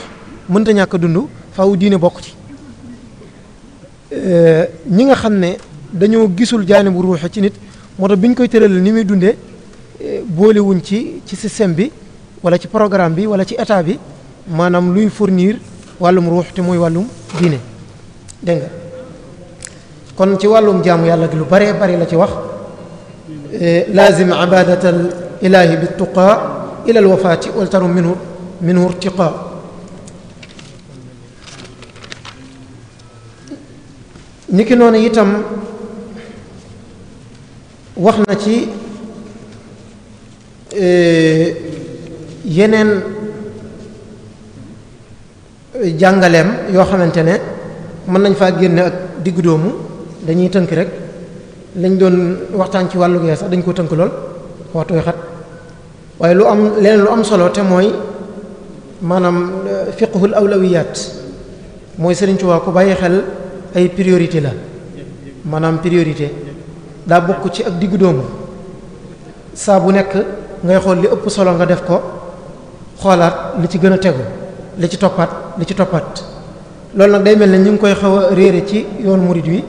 mënta ñàkk a dund faaw diine bokk ci euh, ñi nga xam ne dañoo gisul jaane bu ruux ci nit moo tax bi ñu koy tëralal ni muy dundee euh, boolewuñ ci ci système bi wala ci programme bi wala ci état bi maanaam luy fournir wàllum ruux te mooy wàllum diine dégg nga kon ci wàllum jaamu yàlla gi lu baree bari la ci wax eh, laazim ibadata al bi tuqaa ila al wafaati waltaru minhu minhu irtiqaa niki noonu itam wax na ci eh, yeneen eh, jàngaleem yoo xamante ne mën nañ faa génne ak diggu doomu dañuy tënk rek lañ doon waxtaan ci wàllu gee sax dañ ko tënk lool waxtu wi xat waaye lu am leneen lu am solo te mooy maanaam euh, fiqhul awlawiyaat mooy Sëriñ Tuubaa ko bàyyi xel ay priorité la maanaam priorité daa bokk ci ak diggu doomu saa bu nekk ngay xool li ëpp solo nga def ko xoolaat li ci gën a tegu li ci toppaat li ci toppaat loolu nag day mel ne ñu ngi koy xaw a réere ci yoon murid wi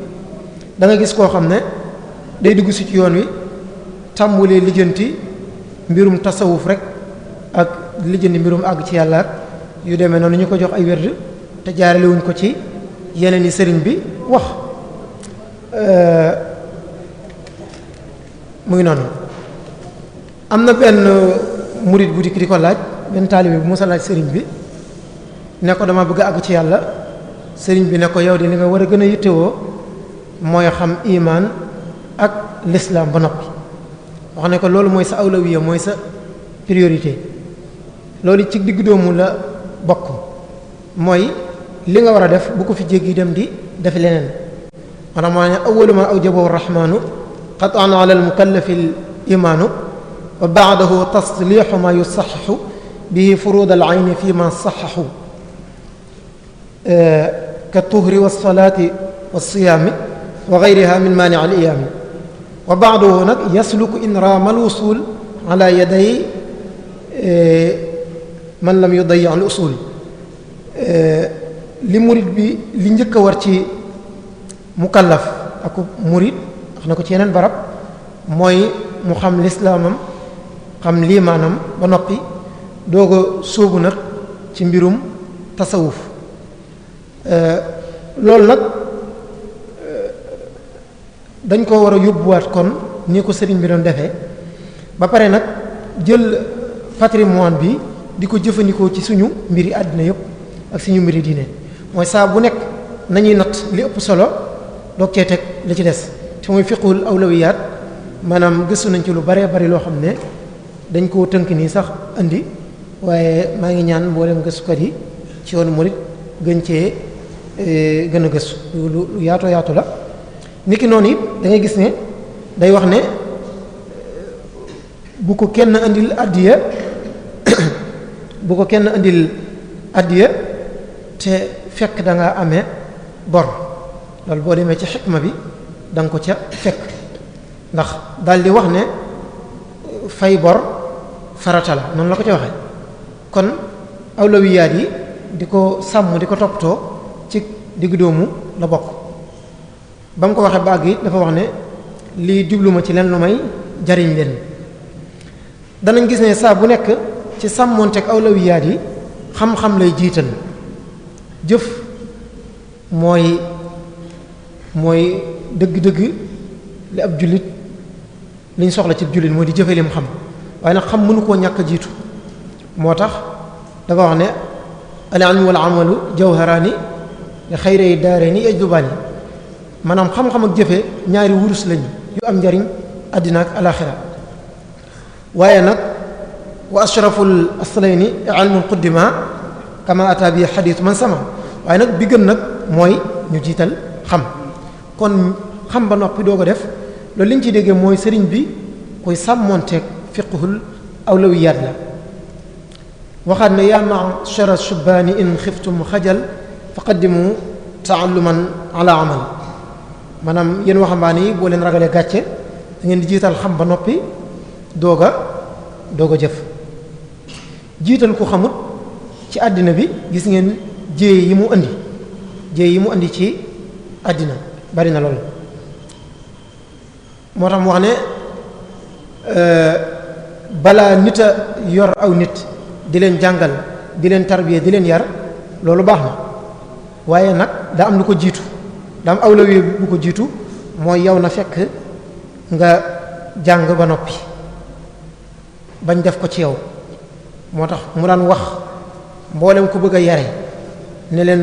danga gis koo xam ne day dugg ci yoon wi tàmbulee lijjanti mbirum tasawuf rek ak lijjanti mbirum àgg ci yàlla yu demee noonu ñu ko jox ay werd te jaaralewuñ ko ci yeneen yi sëriñ bi wax muy noonu am na benn murit bu dikk di ko laaj benn taalibe bu musa laaj sëriñ bi ne ko dama bëgg àgg ci yàlla sëriñ bi ne ko yow di ni nga war a gën a yittewoo mooy xam imaan ak l'islam ba noppi wax ne ko loolu mooy sa awlawiya mooy sa priorité loolu ci diggu doomu la bokk mooy li nga war a def bu ko fi jéggi dem di def leneen maanaam maa ne awalu ma awjabahu rahmaanu qatan ala almukallafi l imaanu wa baadahu tasliixu ma yusaxaxu bihi furud al ayni fi ma saxaxu ka tuhri wa salaati wa siyaami wa geyriha min maani al iyaami wa baaduhu nag yasluku inraam al usul ala yaday man lam yudayi al usul li murit bi li njëkk a war ci mukallaf ak murit wax na ko ci yeneen barab mooy mu xam lislaamam xam liimaanam ba noppi doog a sóobu nag ci mbirum tasawuf loolu nag dañ koo war a yóbbuwaat kon ni ko sëriñ bi doon defee ba pare nag jël patrimoine bi di ko jëfandikoo ci suñu mbiri àddina yëpp ak suñu mbiri diine mooy saa bu nekk nañuy natt li ëpp solo doog cee teg li ci des te mooy fiqhul awlawiyaat maanaam gëstu nañ ci lu bare bari loo xam ne dañ ko tënk nii sax indi waaye maa ngi ñaan mboolem gëstukat yi ci yoonu murit gën cee eh, gën a gëstu lu yaatoo yaatu la niki noonu it da ngay gis ne day wax ne bu ko kenn andil addiya [coughs] bu ko kenn andil àddiya te fekk danga nga amee bor loolu boo demee ci xikma bi da nga ko ca fekk ndax daal di wax ne fay bor farata noonu la ko ca waxee kon awlawiyaat yi di ko sàmm di ko toppatoo ci diggu la bokk ba mu ko waxee ba yi dafa wax ne lii jubluma ci leen lu may jariñ leen danañ gis ne saa bu nekk ci sàmmoonteeg awlawiyaat yi xam-xam lay jiital jëf mooy mooy dëgg-dëgg li ab jullit liñ soxla ci jullit mooy di jëfee lim xam waaye nag xam mënu koo ñàkk jiitu moo tax dafa wax ne al ilmu wal amalu jawharaani li xayri daarayni yajlubaani maanaam xam-xam ak jëfe ñaari wurus lañ yu am njariñ àddina ak alaxira waaye nag wa ashraful aslayni ilmul quddima kama ata bi xadis man sama waaye nag bi gën nag mooy ñu jiital xam kon xam ba noppi doo ko def loolu liñ ci déggee mooy sëriñ bi kuy sàmmoonteeg fiqhul awlawiyaat la waxaat ne yaa ma'shara shubbaani in xiftum xajal faqaddimu taalluman ala amal maanaam yéen waxambaane yi boo leen ragalee gàcce da ngeen di jiital xam ba noppi doog a doog a jëf jiital ku xamut ci àddina bi gis ngeen jéey yi mu indi jéey yi mu indi ci àddina bari na lool moo tax mu wax ne euh, balaa nit a yor aw nit di leen jàngal di leen tarbiya di leen yar loolu baax na waaye nag daa am lu ko jiitu daam awlawi bu ko jiitu mooy yow na fekk nga jàng ba noppi bañ def ko ci yow moo tax mu daan wax mboolem ko bëgg a yare ne leen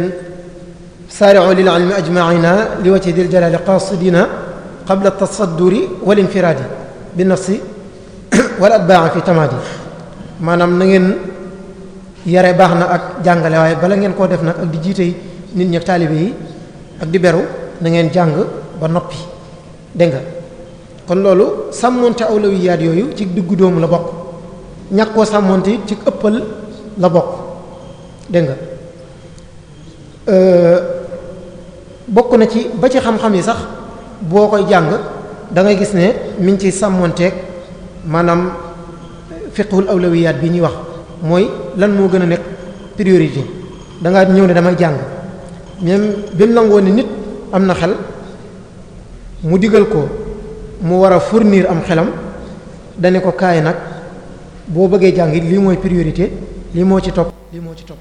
saari'u lil ilmi ajma'ina li wajhi dil jalali qasidina qabla tasadduri wal infiradi bi nafsi wal atbaa fi tamadi maanaam na ngeen yare baax na ak jàngale waaye bala ngeen koo def nag ak di jiite nit ñi ak taalibe yi ak di beru na jàng ba noppi dégg nga kon loolu sàmmonte awlawiyaat yooyu ci diggu doomu la bokk ñàkkoo sàmmonte yi ci ëppal la bokk dégg nga euh, bokk na ci ba ci xam-xam yi sax boo koy jàng da ngay gis ne mi ngi ci sàmmonteeg maanaam fiqhul awlawiyaat bi ñuy wax mooy lan moo gën a nekk priorité da ñëw ne damay jàng même bi mu nangoo ni nit am na xel mu digal ko mu war a fournir am xelam dane ko kaay nag boo bëggee jàng lii mooy priorité lii moo ci topp lii moo ci topp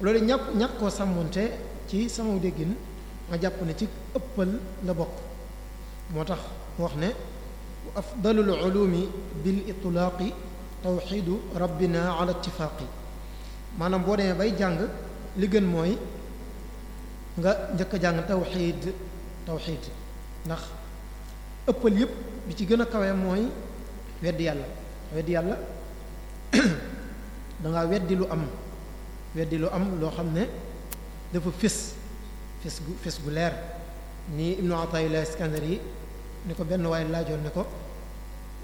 loolu ñàkk ñàkk koo sàmmonte ci sama déggin ma jàpp ne ci ëppal la bokk moo tax mu wax ne wa afdalul ulumi bil itlaaqi tawxidu rabbina ala ittifaaqi maanaam boo demee bay jàng li gën mooy nga njëkk a jàng tawxiid tawxiid ndax ëppal yépp bi ci gën a kawe mooy weddi yàlla weddi yàlla [clears throat] da ngaa weddi lu am weddi lu am loo xam ne dafa fés fis gu fis gu leer ni ibnu Ataillah Iskandari yi ni ko benn waaye laajoon ne ko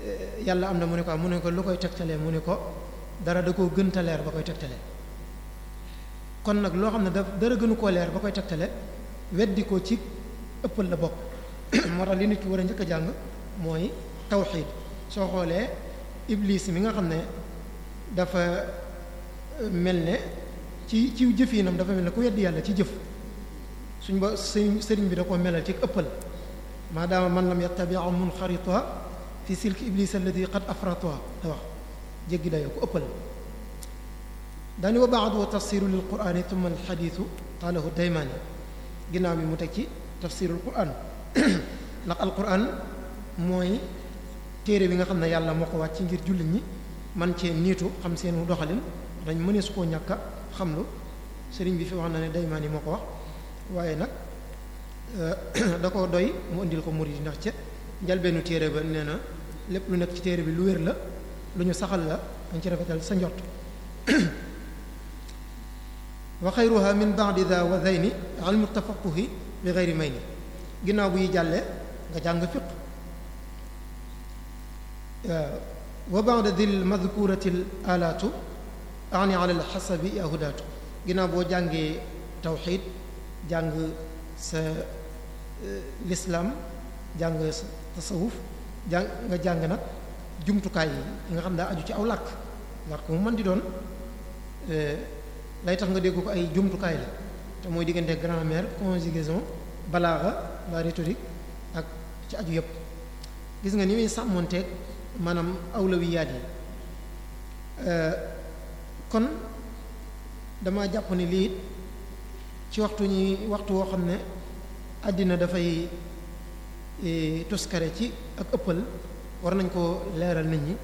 eh, yàlla am na mu ne ko am ah, mu ne ko lu koy tegtalee mu ne ko dara da koo gënta leer ba koy tegtalee kon nag loo xam ne da dara gënu koo leer ba koy tegtale weddi ko ci ëppal la bokk [clears throat] moo tax li nit ki war a njëkk a jàng mooy tawxiid soo xoolee iblis mi nga xam ne dafa euh, mel ne ci ci jëfinam dafa mel ne ku weddi yàlla ci jëf suñ ba sëriñ sëriñ bi da koo melal ci ëppal maadaama man lam yattabia munxarita fi silk iblis alladi qad afrata da wax jéggi dayoo ko ëppal daani wa baad wa tafsiru lil qurani tumma al xadiisu qaalahu daymaani ginnaaw bi mu teg ci tafsirul quran [clears throat] ndax al quran mooy téere bi nga xam ne yàlla moo ko ci ngir jullit ñi man cee niitu xam seen seenu doxalin dañ mënees koo ñàkk a xam lu sëriñ bi fi wax na ne daymaan yi moo ko wax waaye nag euh, [clears throat] da ko doy mu indil ko murid yi ndax ca njalbeenu téere ba nee na lépp lu nekk ci téere bi lu wér la lu ñu saxal la dañ ci rafetal sa njort [clears throat] wa xayruha min ba'di dha wa dhayni ilmu tafaquhi bi ghayri mayni ginnaaw buy jàllee nga jàng fiq wa ba'da dhil madhkurati al alaatu ani ala al hasabi yahudaatu ginnaaw boo jàngee tawxid jàng sa e, lislaam jàng sa tasawuf jàng nga jàng nag jumtukaay yi nga xam daa aju ci aw làkk làkk mu mën di doon e, lay tax nga dégg ko ay jumtukaay la te mooy diggante grammaire conjugaison balaaxa la rhétorique ak ci aju yëpp gis nga ni muy sàmmonteeg maanaam awlawiyaat yi euh, kon dama jàpp ne lii ci waxtu ñi waxtu woo xam ne àddina dafay e, toskare ci ak ëppal war nañ ko leeral nit ñi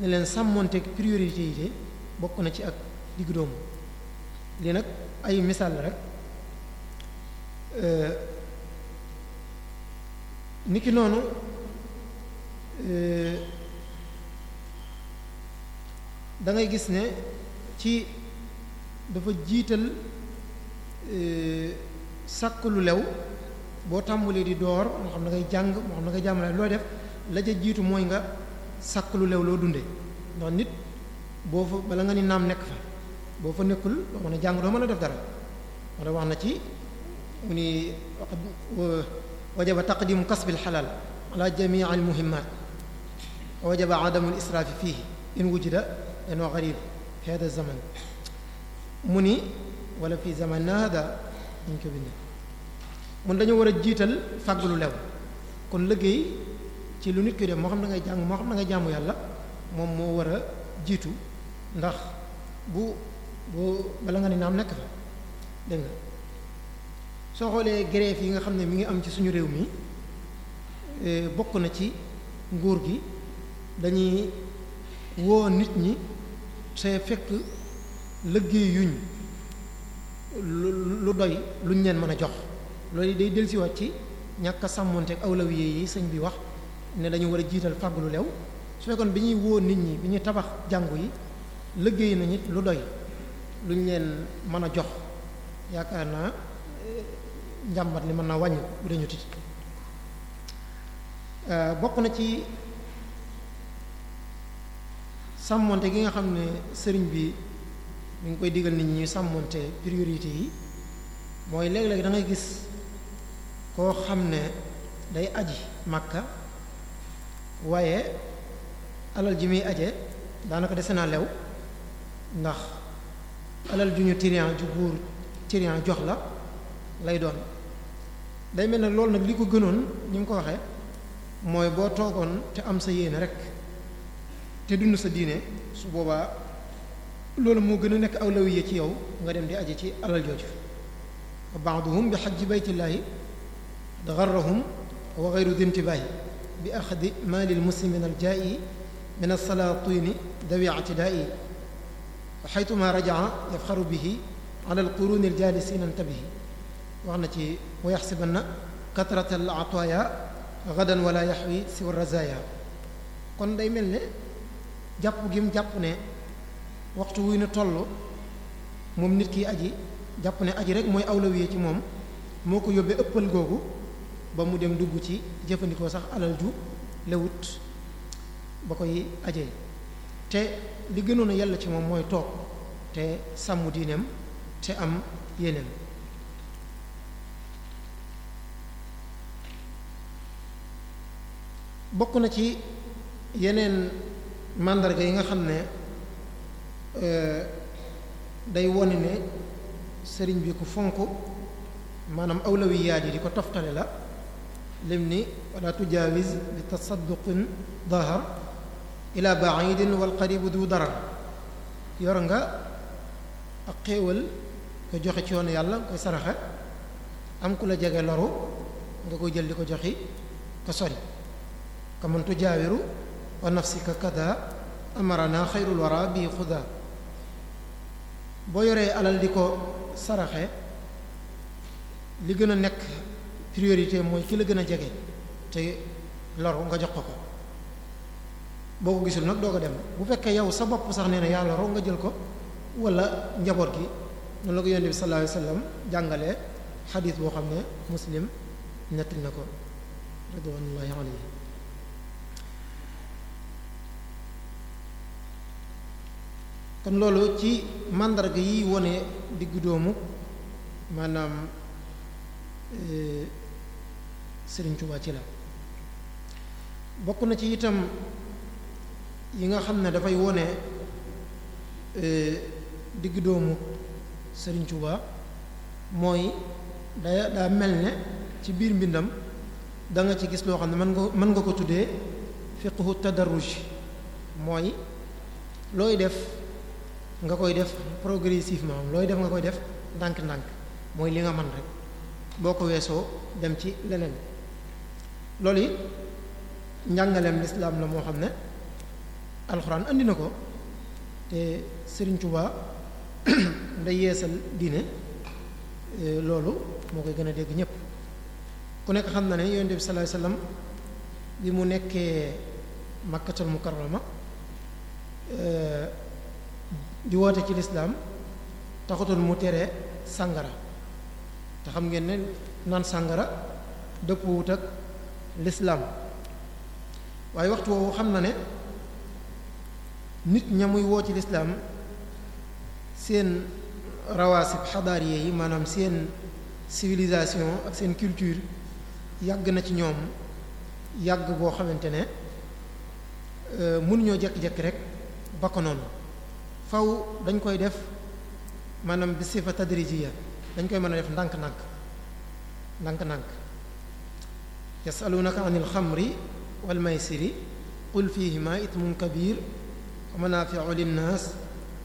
ne leen sàmmonteeg priorité yi bokk na ci ak diggu doomu lii nag ay misaal la euh, nit ki noonu euh, dangay gis ne ci dafa jiital euh, sàkk lu lew boo tàmbalee di door moo xam na ngay jàng moo xam na ngay jàmmale loo def la ca jiitu mooy nga sàkk lu lew loo dunde ndax nit boo fa bala nga ni naam nekk fa boo fa nekkul doo mën a jàng doo mën a def dara wala wax na ci mu ni wajaba taqdimu kasbil xalaal ala jamii al muhimmat wajaba adamu l israafi fiihi in wujida lanoo garib fi hada zaman mu ni wala fi zaman na hada ñu ko bind mun dañu war a jiital fàgg lew kon liggéey ci lu nit ki def moo xam da ngay jàng moo xam da ngay jaamu yàlla moom moo war a jiitu ndax bu bu bala nga ne naam nekk fa dégg nga soo xoolee grève yi nga xam ne mi ngi am ci suñu réew mi e, bokk na ci nguur gi dañuy woo nit ñi te fekk liggéey yuñ lu doy luñ leen mën a jox loolu day dellusiwaat ci ñàkk a sàmmonteeg yi sëñ bi wax ne dañu war a jiital fàgg lu lew su fekkoon bi ñuy woo nit ñi bi ñuy tabax jàngu yi liggéey na nit lu doy lu ñu leen mën a jox yaakaar naa eh, njàmbat li mën na wàññi bu dañu tit eh, bokk na ci sàmmonte gi nga xam ne sëriñ bi mi ngi koy digal nit ñi sàmmonte priorité yi mooy léeg-léeg da gis koo xam ne day aji màkka waaye alal ji muy aje daanaka dese naa lew ndax alal ju ñu tirian ju góor tirian jox la lay doon day mel ne loolu nag li ko gënoon ñu ngi ko waxee mooy boo toogoon te am sa yéene rek te dund sa diine su boobaa loolu moo gën a nekk aw awlawiya ci yow nga dem di aje ci alal jooju wa baaduhum bi xajji baytillaahi garrahum wa geyru dimtibaahi bi axdi maalil muslimin al jaayi min alsalaatini dawi atidaa yi wa xaytuma rajaa yafxaru bihi ala alquruni aljalisina intabihi wax na ci wa yaxsibanna katrat al ataya gadan wala yaxwi siwa razaya kon day mel ne jàpp gi mu jàpp ne waxtu wuy nu toll moom nit ki aji jàpp ne aji rek mooy awlawiye ci moom moo ko yóbbee ëppal googu ba mu dem dugg ci jëfandikoo sax alal ju lewut ba koy ajee te li gënoon yàlla ci moom mooy toog te sàmm diineem te am yéneen bokk na ci yeneen màndarga yi nga xam ne euh, day wone ne sëriñ bi ku fonk maanaam awlawiyaat yi di ko toftale la lim ni wala tujaawiz bi tasadduqin dahar ila baidin wal bu du dara yor nga ak xéewal nga joxe ci yoonu yàlla koy saraxe am ku la jege loru nga koy jël di ko joxi ka sori ka man tujaawiru wa nafsika kada amarana xayrul wara bi xuda boo yoree alal di ko saraxe li gën a nekk priorité mooy ki la gën a jege te loru nga jox ko boo ko gisul nag doo ko dem bu fekkee yow sa bopp sax nee na yàlla raw nga jël ko wala njaboot gi noonu la ko yonent bi sallallahu alayhi wasallam jàngalee xam ne muslim nettali na ko radwanullahi alayhi kon loolu ci màndarga yi wone diggu doomu maanaam eh, Sëriñ Tuubaa ci la bokk na ci itam yi nga xam ne dafay wone e, digg doomu Sëriñ Tuuba mooy da daa mel ne ci biir mbindam da nga ci gis loo xam ne mën nga mën nga ko tuddee fiqhu tadarruj mooy looy def nga koy def progressivement looy def nga koy def ndànk-ndànk mooy li nga mën rek boo ko weesoo dem ci leneen loolu it njàngaleem lislaam la moo xam ne alxuraan indi na ko te Serigne Touba [clears throat] day yeesal diine e loolu moo koy gën a dégg ñépp ku nekk xam na ne yonent bi sallallahu alayhi bi mu nekkee makkatul mukarrama e, di woote ci lislaam taxutoon mu tere sàngara te xam ngeen ne naan sàngara dëpp wut ak lislaam waaye waxtu woowu xam na ne nit ña muy woo ci lislaam seen rawaasib xadaariya yi maanaam seen civilisation ak seen culture yàgg na ci ñoom yàgg boo xamante ne euh, mënuñoo jekki-jekki rek ba ko noonu faw dañ koy def maanaam bi sifa tadrijiya dañ koy mën a def ndànk-ndànk ndànk-ndànk yasalunaka an il xamri wal maysiri qul fihima itmun kabir wa manaafiu linnaas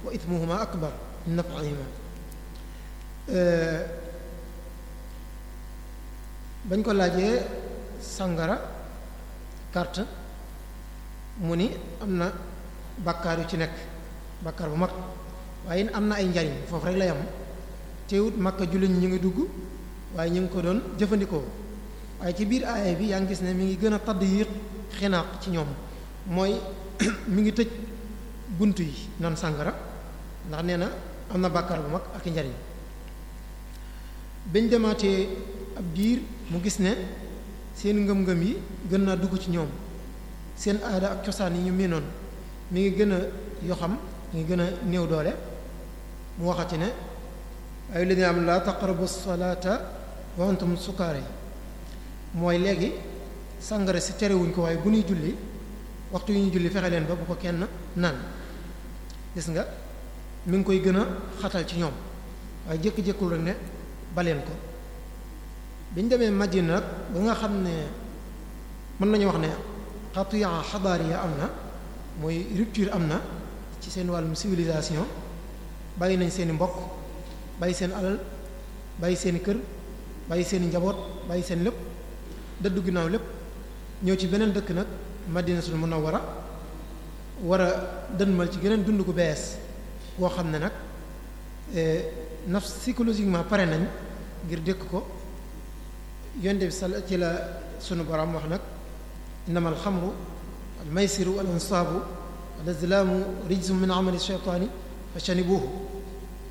wa ithmuhuma akbar min bañ ko laajee sàngara kart mu ni am na bàkkaar yu ci nekk bàkkaar bu mag waaye am na ay njariñ foofu rek lay am teewut makka jullit ñi ñu ngi dugg waaye ñu ngi ko doon jëfandikoo waaye ci biir aaya bi yaa ngi gis ne mi ngi gën a tadd yi xinaaq ci ñoom mooy [coughs] mi ngi tëj bunt yi naan sàngara ndax nee na am na bàkkaar bu mag ak i njariñ bañ demaatee ab diir mu gis ne seen ngëm-ngëm yi gën naa dugg ci ñoom seen aada ak cosaan yi ñu miinoon mi ngi gën a yoxam mu ngi gën a néew doole mu waxati ne ay li am la taqrabu salata wa antum sukaare mooy léegi sàngara si terewuñ ko waaye bu ñuy julli waxtu yu ñuy julli fexe leen ba bu ko kenn naan gis nga mi ngi koy gën a xatal ci ñoom waaye jékki-jékkul rek ne baleen ko biñ demee Madina nag ba nga xam ne mën nañu wax ne xabaar xadaariya am na mooy rupture am na ci seen wàllum civilisation bàyyi nañ seeni mbokk bàyyi seen alal bàyyi seen i kër bàyyi seen i njaboot bàyyi seen lépp dëddu ginnaaw lépp ñëw ci beneen dëkk nag suñu Madinatul Munawwara war a dënmal ci geneen dund ku bees boo xam ne nag e, naf psychologiquement pare nañ ngir dékk ko yonte bi sal ci la sunu borom wax nag innama alxamru almaysiru al ansaabu al azlaamu rijsum min amali sheytaani fa shanibuhu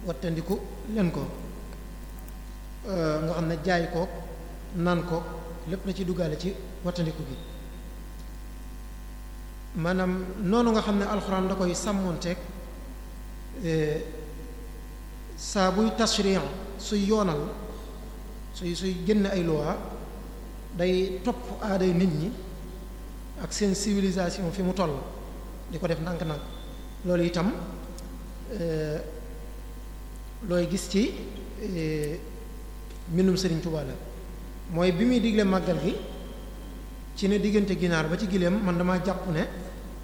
wattandiku leen ko e, nga xam ne jaay kook naan kook lépp na ci duggaale ci wattandiku bi maanaam noonu nga xam ne alxuraan da koy sàmmoonteeg e, saa buy tashrian suy yoonal suy suy génn ay loi day topp aada nit ñi ak seen civilisation fi mu toll di ko def ndànk-ndànk loolu itam e, looy gis ci e, mbindum Sëriñ Tuubaa mooy bi muy digle màggal gi ci ne diggante ginaar ba ci gileem man dama jàpp ne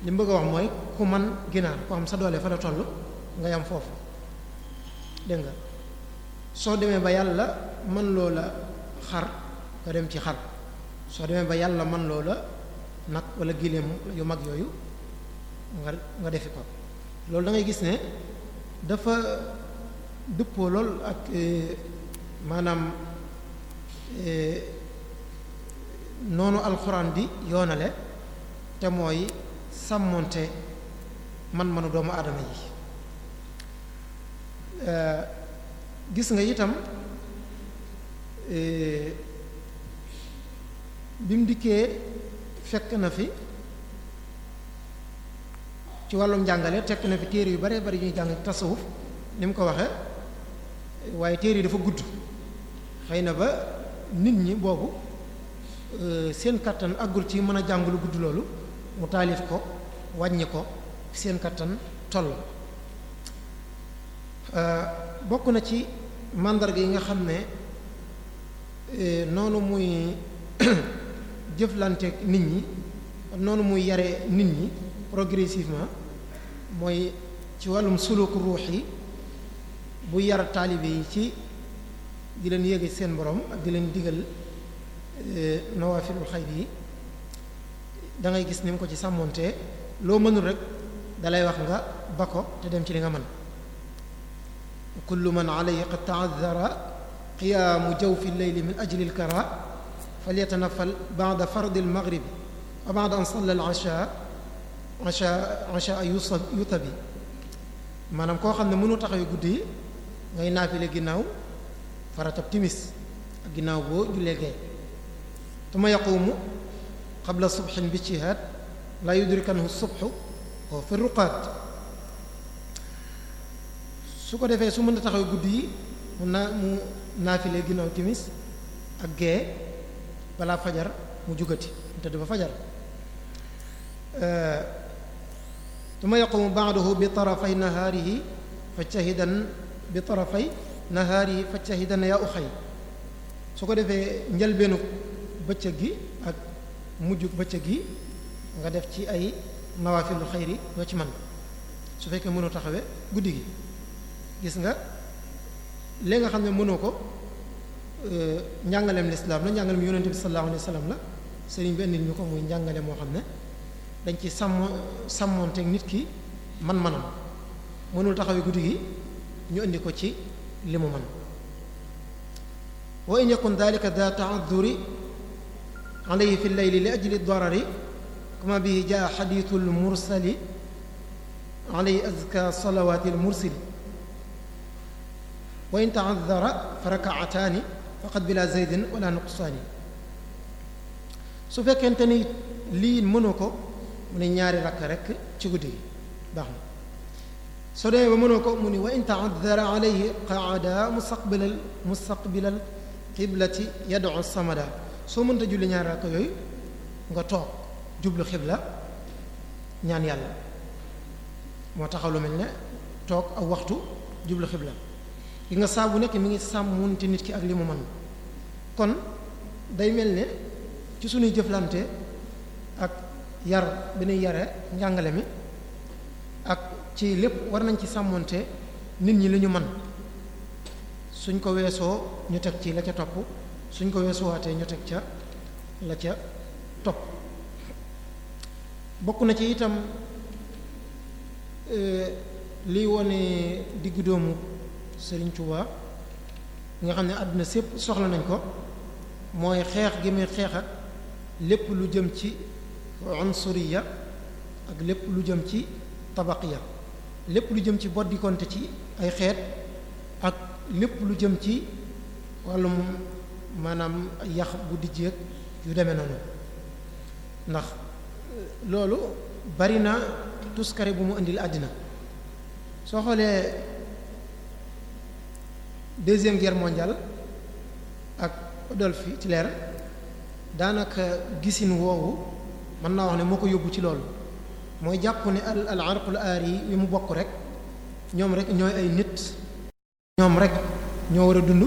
li mu a wax mooy ku man ginaar ku am sa doole fa la toll nga am foofu dégg nga soo demee ba yàlla mën loo la xar nga dem ci xar soo demee ba yàlla man loo la nag wala gileem yu mag yooyu nga nga defi ko loolu da gis ne dafa dëppoo lool ak e, maanaam e, noonu alxuraan di yoonale te mooy sàmmoonte man manu doomu aadama yi eh, gis nga itam eh, bi mu dikkee fekk na fi ci wàllum njàngale tekk na fi téere yu bare bari ñuy jàng tasawuf ni mu ko waxe waaye téere yi dafa gudd xëy na ba nit ñi boobu eh, seen kàttan àggul ci mën a jàng gudd loolu mu taalif ko wàññi ko seen kattan toll euh, bokk na ci màndarga yi nga xam ne euh, noonu muy [coughs] jëflante nit ñi noonu muy yare nit ñi progressivement mooy ci wàllum suluk ruux yi bu yar taalibe yi ci di leen yéege seen borom ak di leen digal euh, nawaafilul xayr yi da ngay gis ni mu ko ci sàmmontee loo mënul rek dalay wax nga ba ko te dem ci li nga mën kullu man alayhi qad ta'azzara qiyaamu jawfi al-layli min ajli al-kara falyatanafal ba'da fardi al-maghribi wa ba'da an salla al-'isha 'isha 'isha bi maanaam koo xam ne mënul taxaw guddi yi ngay naafile ginnaaw faratab timis ak ginnaaw boo jullee gee tuma yaqumu qabla subhin bi jihaad la yudrikanhu subhu wa fi ruqaat su ko defee su mën a taxaw guddi yi mu naa mu naafile ginnaaw timis ak gee balaa fajar mu jugati mu tëdd ba fajar tuma yaqumu ba'dahu bi tarafay nahaarihi fajtahidan bi tarafay nahaarihi fajtahidan yaa uxay su ko defee njëlbeenu bëccëg gi mujj bëccëg yi nga def ci ay nawaafilu xayri yoo ci man su fekkee mënoo taxawe guddi gi gis nga léegi nga xam ne mënoo ko euh, njàngaleem lislaam la njàngaleem yonente bi sallallahu alayhi wa sallam la sëriñ bi indil ñu ko muy njàngale moo xam ne dañ ci sàmmo sàmmoonteeg nit ki man-manam mënul taxawe guddi gi ñu indi ko ci li mu man wa in yakun dalika da ta'adduri alayhi fi leyli li ajli darari kama bihi jaa xadiitu lmursali alayhi azka salawaati lmursili wa in taadara fa rakaataani faqad bila zaydin wala nuqsaani su fekkente ni lii mënu ko mu ne ñaari rakk rek ci guddi gi baax na soo demee ba mënoo ko mu ni wa in taadara alayhi qaada mustaqbilal mustaqbilal qiblati yadu samada soo mënta julli ñaari rakk yooyu nga toog jublu xibla ñaan yàlla moo taxaw lu mel ne toog ak waxtu jublu xibla gi nga saa bu nekk mi ngi sàmmunte nit ki ak li mu mën kon day mel ne ci suñuy jëflante ak yar bi ñuy yare njàngale mi ak ci lépp war nañ ci sàmmunte nit ñi li ñu mën suñ ko weesoo ñu teg ci la ca topp suñ ko weesuwaatee ñu teg ca la ca topp bokk na ci itam eh, liy wone diggu doomu Sëriñ nga xam ne àdduna sépp soxla nañ ko mooy xeex gi muy lépp lu jëm ci unsuriya ak lépp lu jëm ci ya lépp lu jëm ci boddikonte ci ay xeet ak lépp lu jëm ci wàllum maanaam yax bu dijjeeg yu demee noonu ndax euh, loolu bari na tuskare bu mu indi àddina soo xoolee deuxième guerre mondiale ak Adolf Hitler daanaka gisin woowu mën naa wax ne moo ko yóbbu ci loolu mooy jàpp ne al al arqul aari yi li mu bokk rek ñoom rek ñooy ay nit ñoom rek ñoo war a dund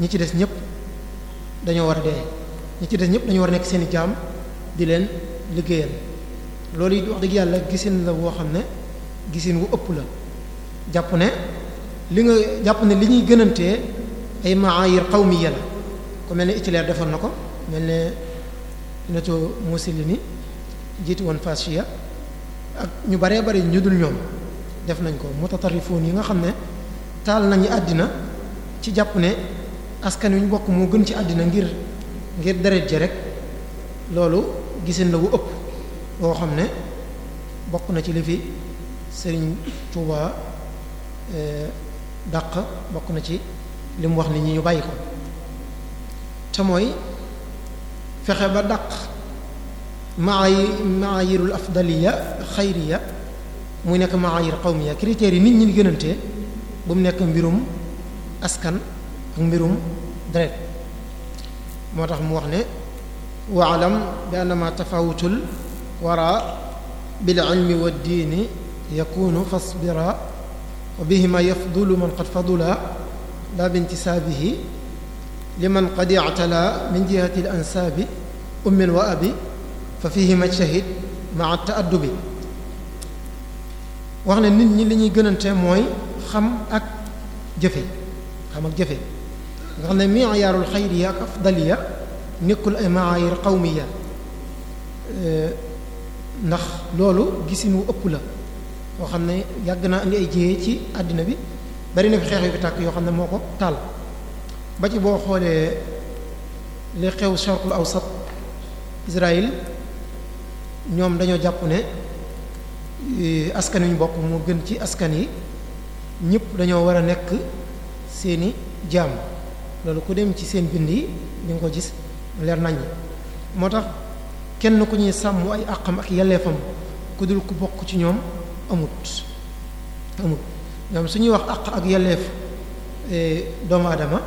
ñi ci des ñépp dañoo war a dee ñi ci des ñëpp dañoo war a nekk seen i jaam di leen liggéeyal loolu it wax dëgg yàlla gisin la woo xam ne gisin wu ëpp la jàpp ne li nga jàpp ne li ñuy gënantee ay maayir mi la ko mel ne Hitler defoon na ko mel ne neto Mussolini jiitu woon fascia ak ñu baree bari ñu dul ñoom def nañ ko mutatarrifoon yi nga xam ne taal nañu àddina ci jàpp ne askan wi ñu bokk moo gën ci àddina ngir ngir deret ji rek loolu gisin la wu ëpp boo xam ne bokk na ci li fi Sëriñ Tuubaa eh, dàq bokk na ci li wax nit ñi ñu bàyyi ko te mooy fexe ba dàq maayi maayirul afdaliya xayriya mu nekk maayir qawmiya critères yi nit ñi gënantee bu mu nekk mbirum askan ak mbirum deret moo tax mu wax ne waalam bi annama tafawutul wara bil ilmi wa diini yakunu fasbira wa bihima yafdulu man qad fadula la bintisaabihi liman qad ictala min jihati al ansaabi wa abi fa fihima ijtahid maa taaddubi wax ne nit ñi li ñuy gënante mooy xam ak jëfe nga xam ne miyaarul xayriya ak afdaliya nekkul ay maayir qawmiya ndax loolu gisin wu ëpp la boo xam ne yàgg naa indi ay jéyee ci àddina bi bari na fi xeex yu fi tàkk yoo xam ne moo ko taal ba ci boo xoolee li xew sharqul awsat Israël ñoom dañoo jàpp ne e, askan wi ñu bokk moo gën ci askan yi ñëpp dañoo war a nekk seeni jaam loolu ku dem ci seen bind yi di nga ko gis leer nañ moo tax kenn ku ñuy sàmm ay àqam ak yelleefam ku dul ku bokk ci ñoom amut amut ñoom su ñuy wax àq ak yelleef e, doomu aadama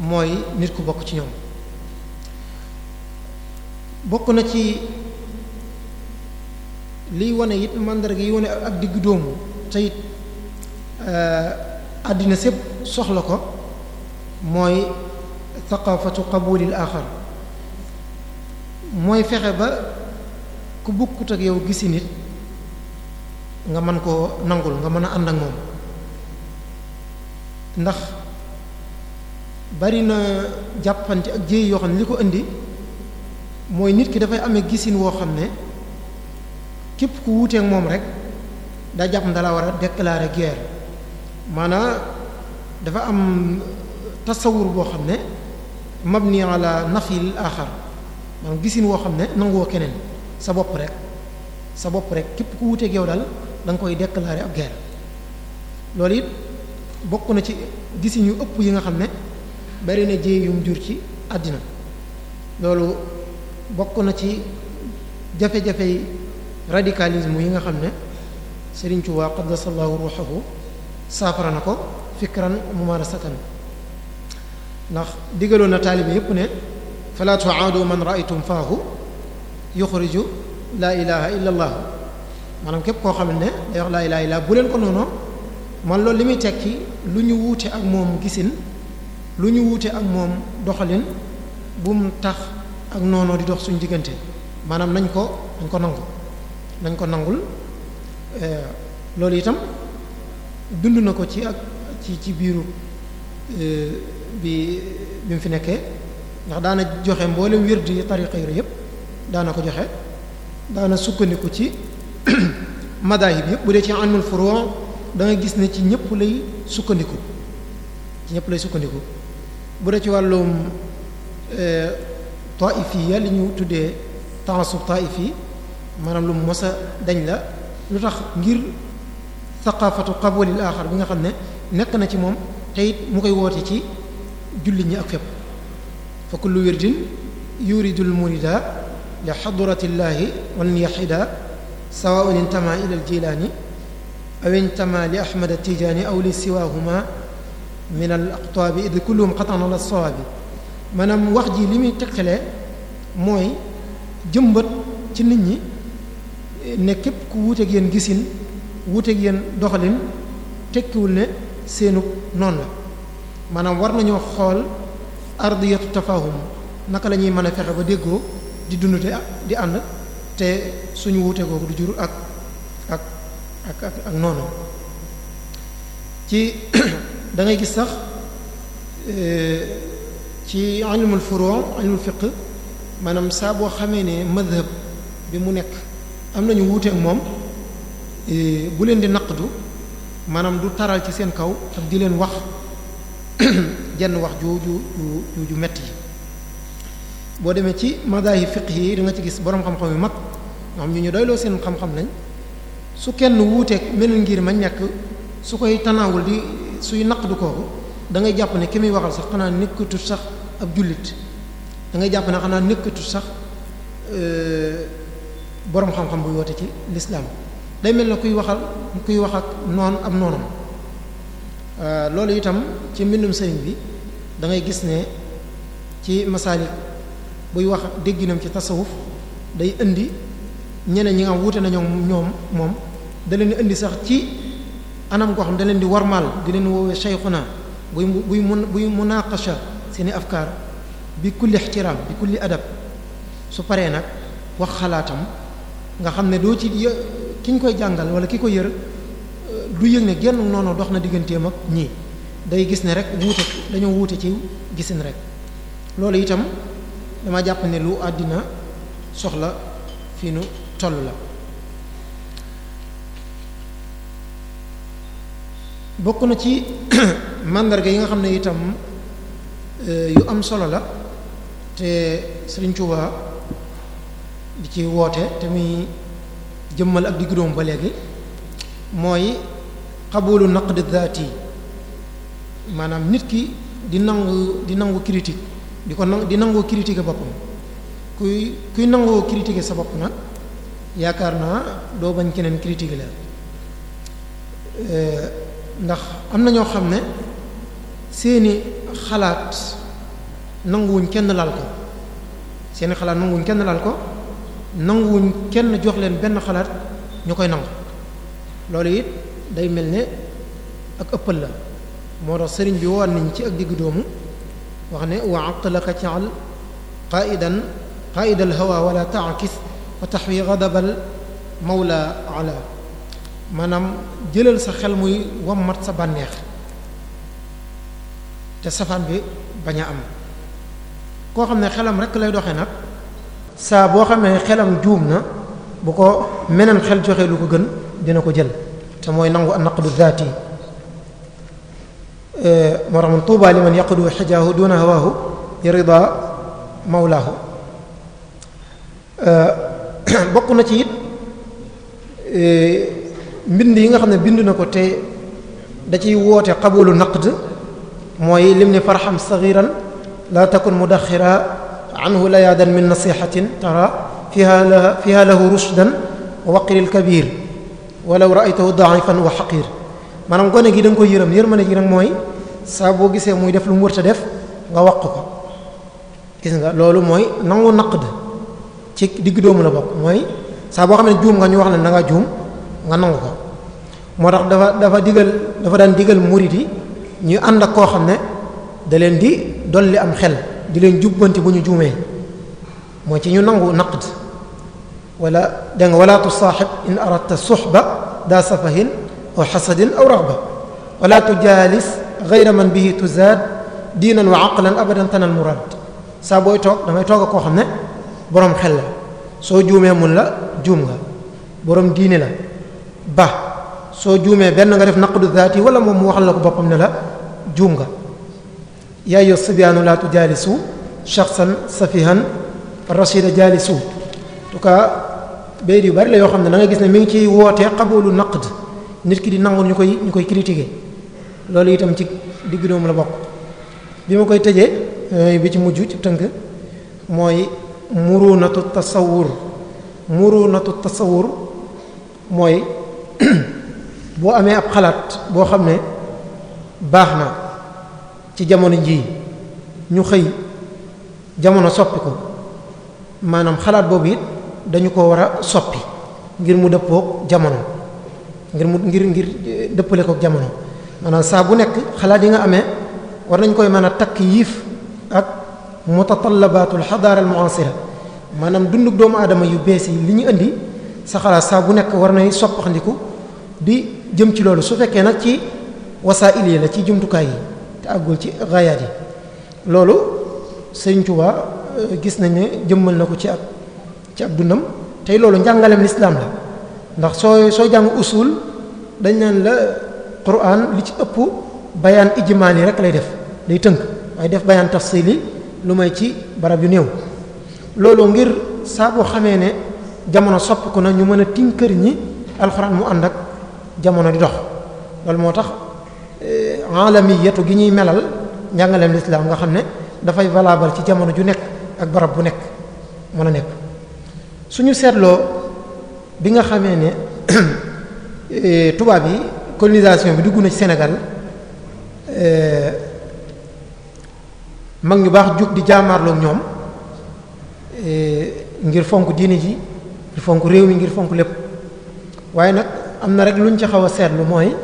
mooy nit ku bokk ci ñoom bokk na ci liy wane it màndarga yi wane ak diggu doomu te it e, àddina sépp soxla ko mooy thaqafatu qabulil axar mooy fexe ba ku bukkut ak yow gisi nit nga mën koo nangul nga mën a ànd ak moom ndax bari na jàppante ak jéey yoo xam ne li ko indi mooy nit ki dafay ame gisin woo xam ne képp ku wuuteek moom rek daa jàpp ne da la war a déclarer guerre maanaam dafa am tasawur boo xam ne mabni ala nafil axar maanaam gisin woo xam ne nanguwoo keneen sa bopp rek sa bopp rek képp ku wuteeg yow daal danga nga koy déclarer ab guerre loolu it bokk na ci gisin yu ëpp yi nga xam ne bari na jéey jur ci àddina loolu bokk na ci jafe-jafey radicalisme yi nga xam ne Sëriñ Tuubaa qaddasallahu ruuxahu saafara na ko fikran mumarasatan ndax digaloon na taalibe yépp ne fala tuaadu man raaytum faahu yuxriju laa ilaha illa maanaam képp koo xam ne laa ilaha bu leen ko noonu man loolu li muy tekki lu ñu wuute ak moom gisin lu ñu wuute ak moom doxalin bum tax ak noonoo di dox suñu diggante maanaam nañ ko nañ ko nangu nañ ko nangul eh, loolu itam dund na ko ci ak ci ci biiru eh, bi bi mu fi nekkee ndax daana joxe mboole wird yi tariqa yooyu yëpp daana ko joxe daana sukkandiku ci [clears throat] madaahib yëpp bu dee ci anmul furu' da nga gis ne ci ñëpp lay sukkandiku ñëpp lay sukkandiku bu ci wàllum e, taifiya li ñu tuddee taasub taifi maanaam lu mos a dañ la lu tax ngir saqafatu qabalil axar bi nga xam ne nekk na ci moom te mu koy woote ci jullit ñi ak fépp fa kullu wirdin yuridu lmurida li xadratillaahi wan yaxida sawaun intama ila aljilaani aw intama li ahmad tijaani aw li siwaahuma min al aqtaabi id kulluhum xatan ala sawaabi maanaam wax ji li muy tegtalee mooy jëmbat ci nit ñi ne képp ku wuuteeg yéen gisin wuuteeg yéen doxalin tekkiwul ne seenu noon la maanaam war nañoo xool ardiyatu tafahum naka la ñuy mën a fexe ba déggoo di dund te di ànd te suñu wuute googu du jur ak ak ak ak ak ci [clears throat] dangay gis sax e, ci ilmul furu' ilmul fiqh maanaam saa boo xamee ne madhab bi mu nekk am nañu wuute ak moom e, bu leen di naqdu maanaam du taral ci seen kaw ak di leen wax [coughs] jenn wax ju ju ju ju metti boo demee ci madahib fiqh yi da nga ci gis boroom xam-xam yu mag ñoom xam ñu ñu seen xam-xam lañ su kenn wuuteeg meneen ngir ma nekk su koy tanaawul di suy naq du kooku dangay jàpp ne ki muy waxal sax xanaa nekkatut sax ab jullit da ngay jàpp ne xanaa nekkatut sax euh, boroom xam-xam buy woote ci lislaam day mel na kuy waxal kuy wax ak noon am noonam Euh, loolu itam ci mbindum sëriñ bi dangay gis ne ci masaalik buy wax dégginam ci tasawuf day indi ñeneen ñi nga xam wuute nañoo ñoom moom da leen di indi sax ci anam goo xam da leen di warmal di leen woowee shaykhuna buy buy mun buy munaqasha seeni afkaar bi kulli ixtiraam bi kulli adab su paree nag wax xalaatam nga xam ne doo ci ki ñu koy jàngal wala ki ko yër du yëg ne genn noonu dox na digganteem ak ñii day gis ne rek wuute dañoo wuute ci gisin rek loolu itam dama jàpp ne lu àddina soxla fi nu toll la bokk na ci [clears throat] màndarga yi nga xam ne itam euh, yu am solo la te Sëriñ Tuubaa di ci woote te muy jëmmal ak diggu doom ba léegi mooy naq naqd daati maanaam nit ki di nangu di nangu critique di ko nangu di nangoo critiquer boppam kuy kuy nangoo critiquer sa bopp nag yaakaar naa doo bañ keneen critique la eh, ndax am na ñoo xam ne seeni xalaat nanguwuñ kenn laal ko seeni xalaat nanguwuñ kenn laal ko nanguwuñ kenn jox leen benn xalaat ñu koy nangu loolu it day mel ni ak ëppal la moo tax sëriñ bi woon nañ ci ak diggu doomu wax ne wa atlaka caal qaidan qaida alhawa wala taakis wa taxwi gadabal mawla ala jëlal sa xel muy wam mat sa bànneex te safaan bi bañ a am koo xam ne xelam rek lay doxee nag saa boo xam xamee xelam juum na bu ko meneen xel joxe lu ko gën dina ko jël te mooy nangu an naqdu zaati eh, moo tax man tuuba liman yaqdu xijaahu duna hawaahu yarida mawlaahu eh, [clears throat] bokk na ci it eh, mbind yi nga xam ne bindu na ko te da ciy woote qabulu naqd mooy lim ni farxam sagiran laa takun mudaxira anhu layaadan min nasixatin tara fiha lahu rushdan wa waqril kabir ay walaw ra'aytahu da'ifan wa xaqir maanaam gone gi da nga koy yërëm yërmande gi nag mooy saa boo gisee muy def lu mu wërta def nga wax ko gis nga loolu mooy nangu naqd ci digg doomu la bokk mooy saa boo xam ne juum nga ñu wax ne na nga juum nga nangu ko moo tax dafa dafa digal dafa daan digal murit yi ñuy ànd ak koo xam ne da leen di dolli am xel di leen jubbanti bu ñu juumee mooy ci ñu nangu naqd wala dégg nga wala tusaaxib in aradta suxba daa safahin aw xasadin aw raxba wala tujaalis gayra man bihi tuzaad diinan wa aqlan abadan tanal muraad saa booy toog damay toog ak koo xam ne boroom xel la soo juumee mun la juum nga borom diine la ba soo juumee benn nga def naqdu zaati wala moom mu waxal la ko boppam ne la juum nga yaa ayyuha sibyaanu laa tujaalisu shaxsan safihan rashida jaalisu en tout bayit yu bari la yoo xam ne da nga gis ne mu ngi ciy wootee xaboolu naqd nit ki di nangu ñu koy ñu koy critiquer loolu itam ci digg doom la bokk bi ma koy tëjee euh, bi ci mujj ci tënk mooy murunatu tasawur murunatu tasawur mooy [clears throat] boo amee ab xalaat boo xam ne baax na ci jamono ji ñu xëy jamono soppi ko maanaam xalaat boobu it dañu ko war a soppi ngir mu dëppook jamono ngir mu ngir ngir eh, dëppale kook jamono maanaam saa bu nekk xalaat yi nga amee war nañ koy mën a takk yiif ak mutatallabaatul xadaara al muasira maanaam dunduk doomu aadama yu bees yi li ñu indi sa xalaat saa bu nekk war nay soppaxandiku bi jëm ci loolu su fekkee nag ci wasaa'il yi la ci jumtukaay yi te àggul ci raayaat yi loolu Sëriñ Tuubaa eh, gis nañ ne jëmmal na ko ci ak ci ab dundam tey loolu njàngaleem lislaam la ndax soo soo jàng usul dañ naan la quran li ci ëpp bayaan ijmaali rek lay def day tënk waaye def bayaan tafsili lu may ci barab yu néew loolu ngir saa boo xamee ne jamono soppiku na ñu mën a kër ñi alxuraan mu ànd ak jamono di dox loolu moo tax eh, alamiyatu gi ñuy melal njàngaleem lislaam nga xam ne dafay valable ci jamono ju nekk ak barab bu nekk mën a nekk suñu seetloo bi nga xamee ne eh, tubaab yi colonisation bi dugg na ci Sénégal eh, mag ñu baax jug di jaamaarloo ñoom eh, ngir fonk diini ji ngir fonk réew mi ngir fonk lépp waaye nag am na rek lu ñu ci xaw a seetlu mooy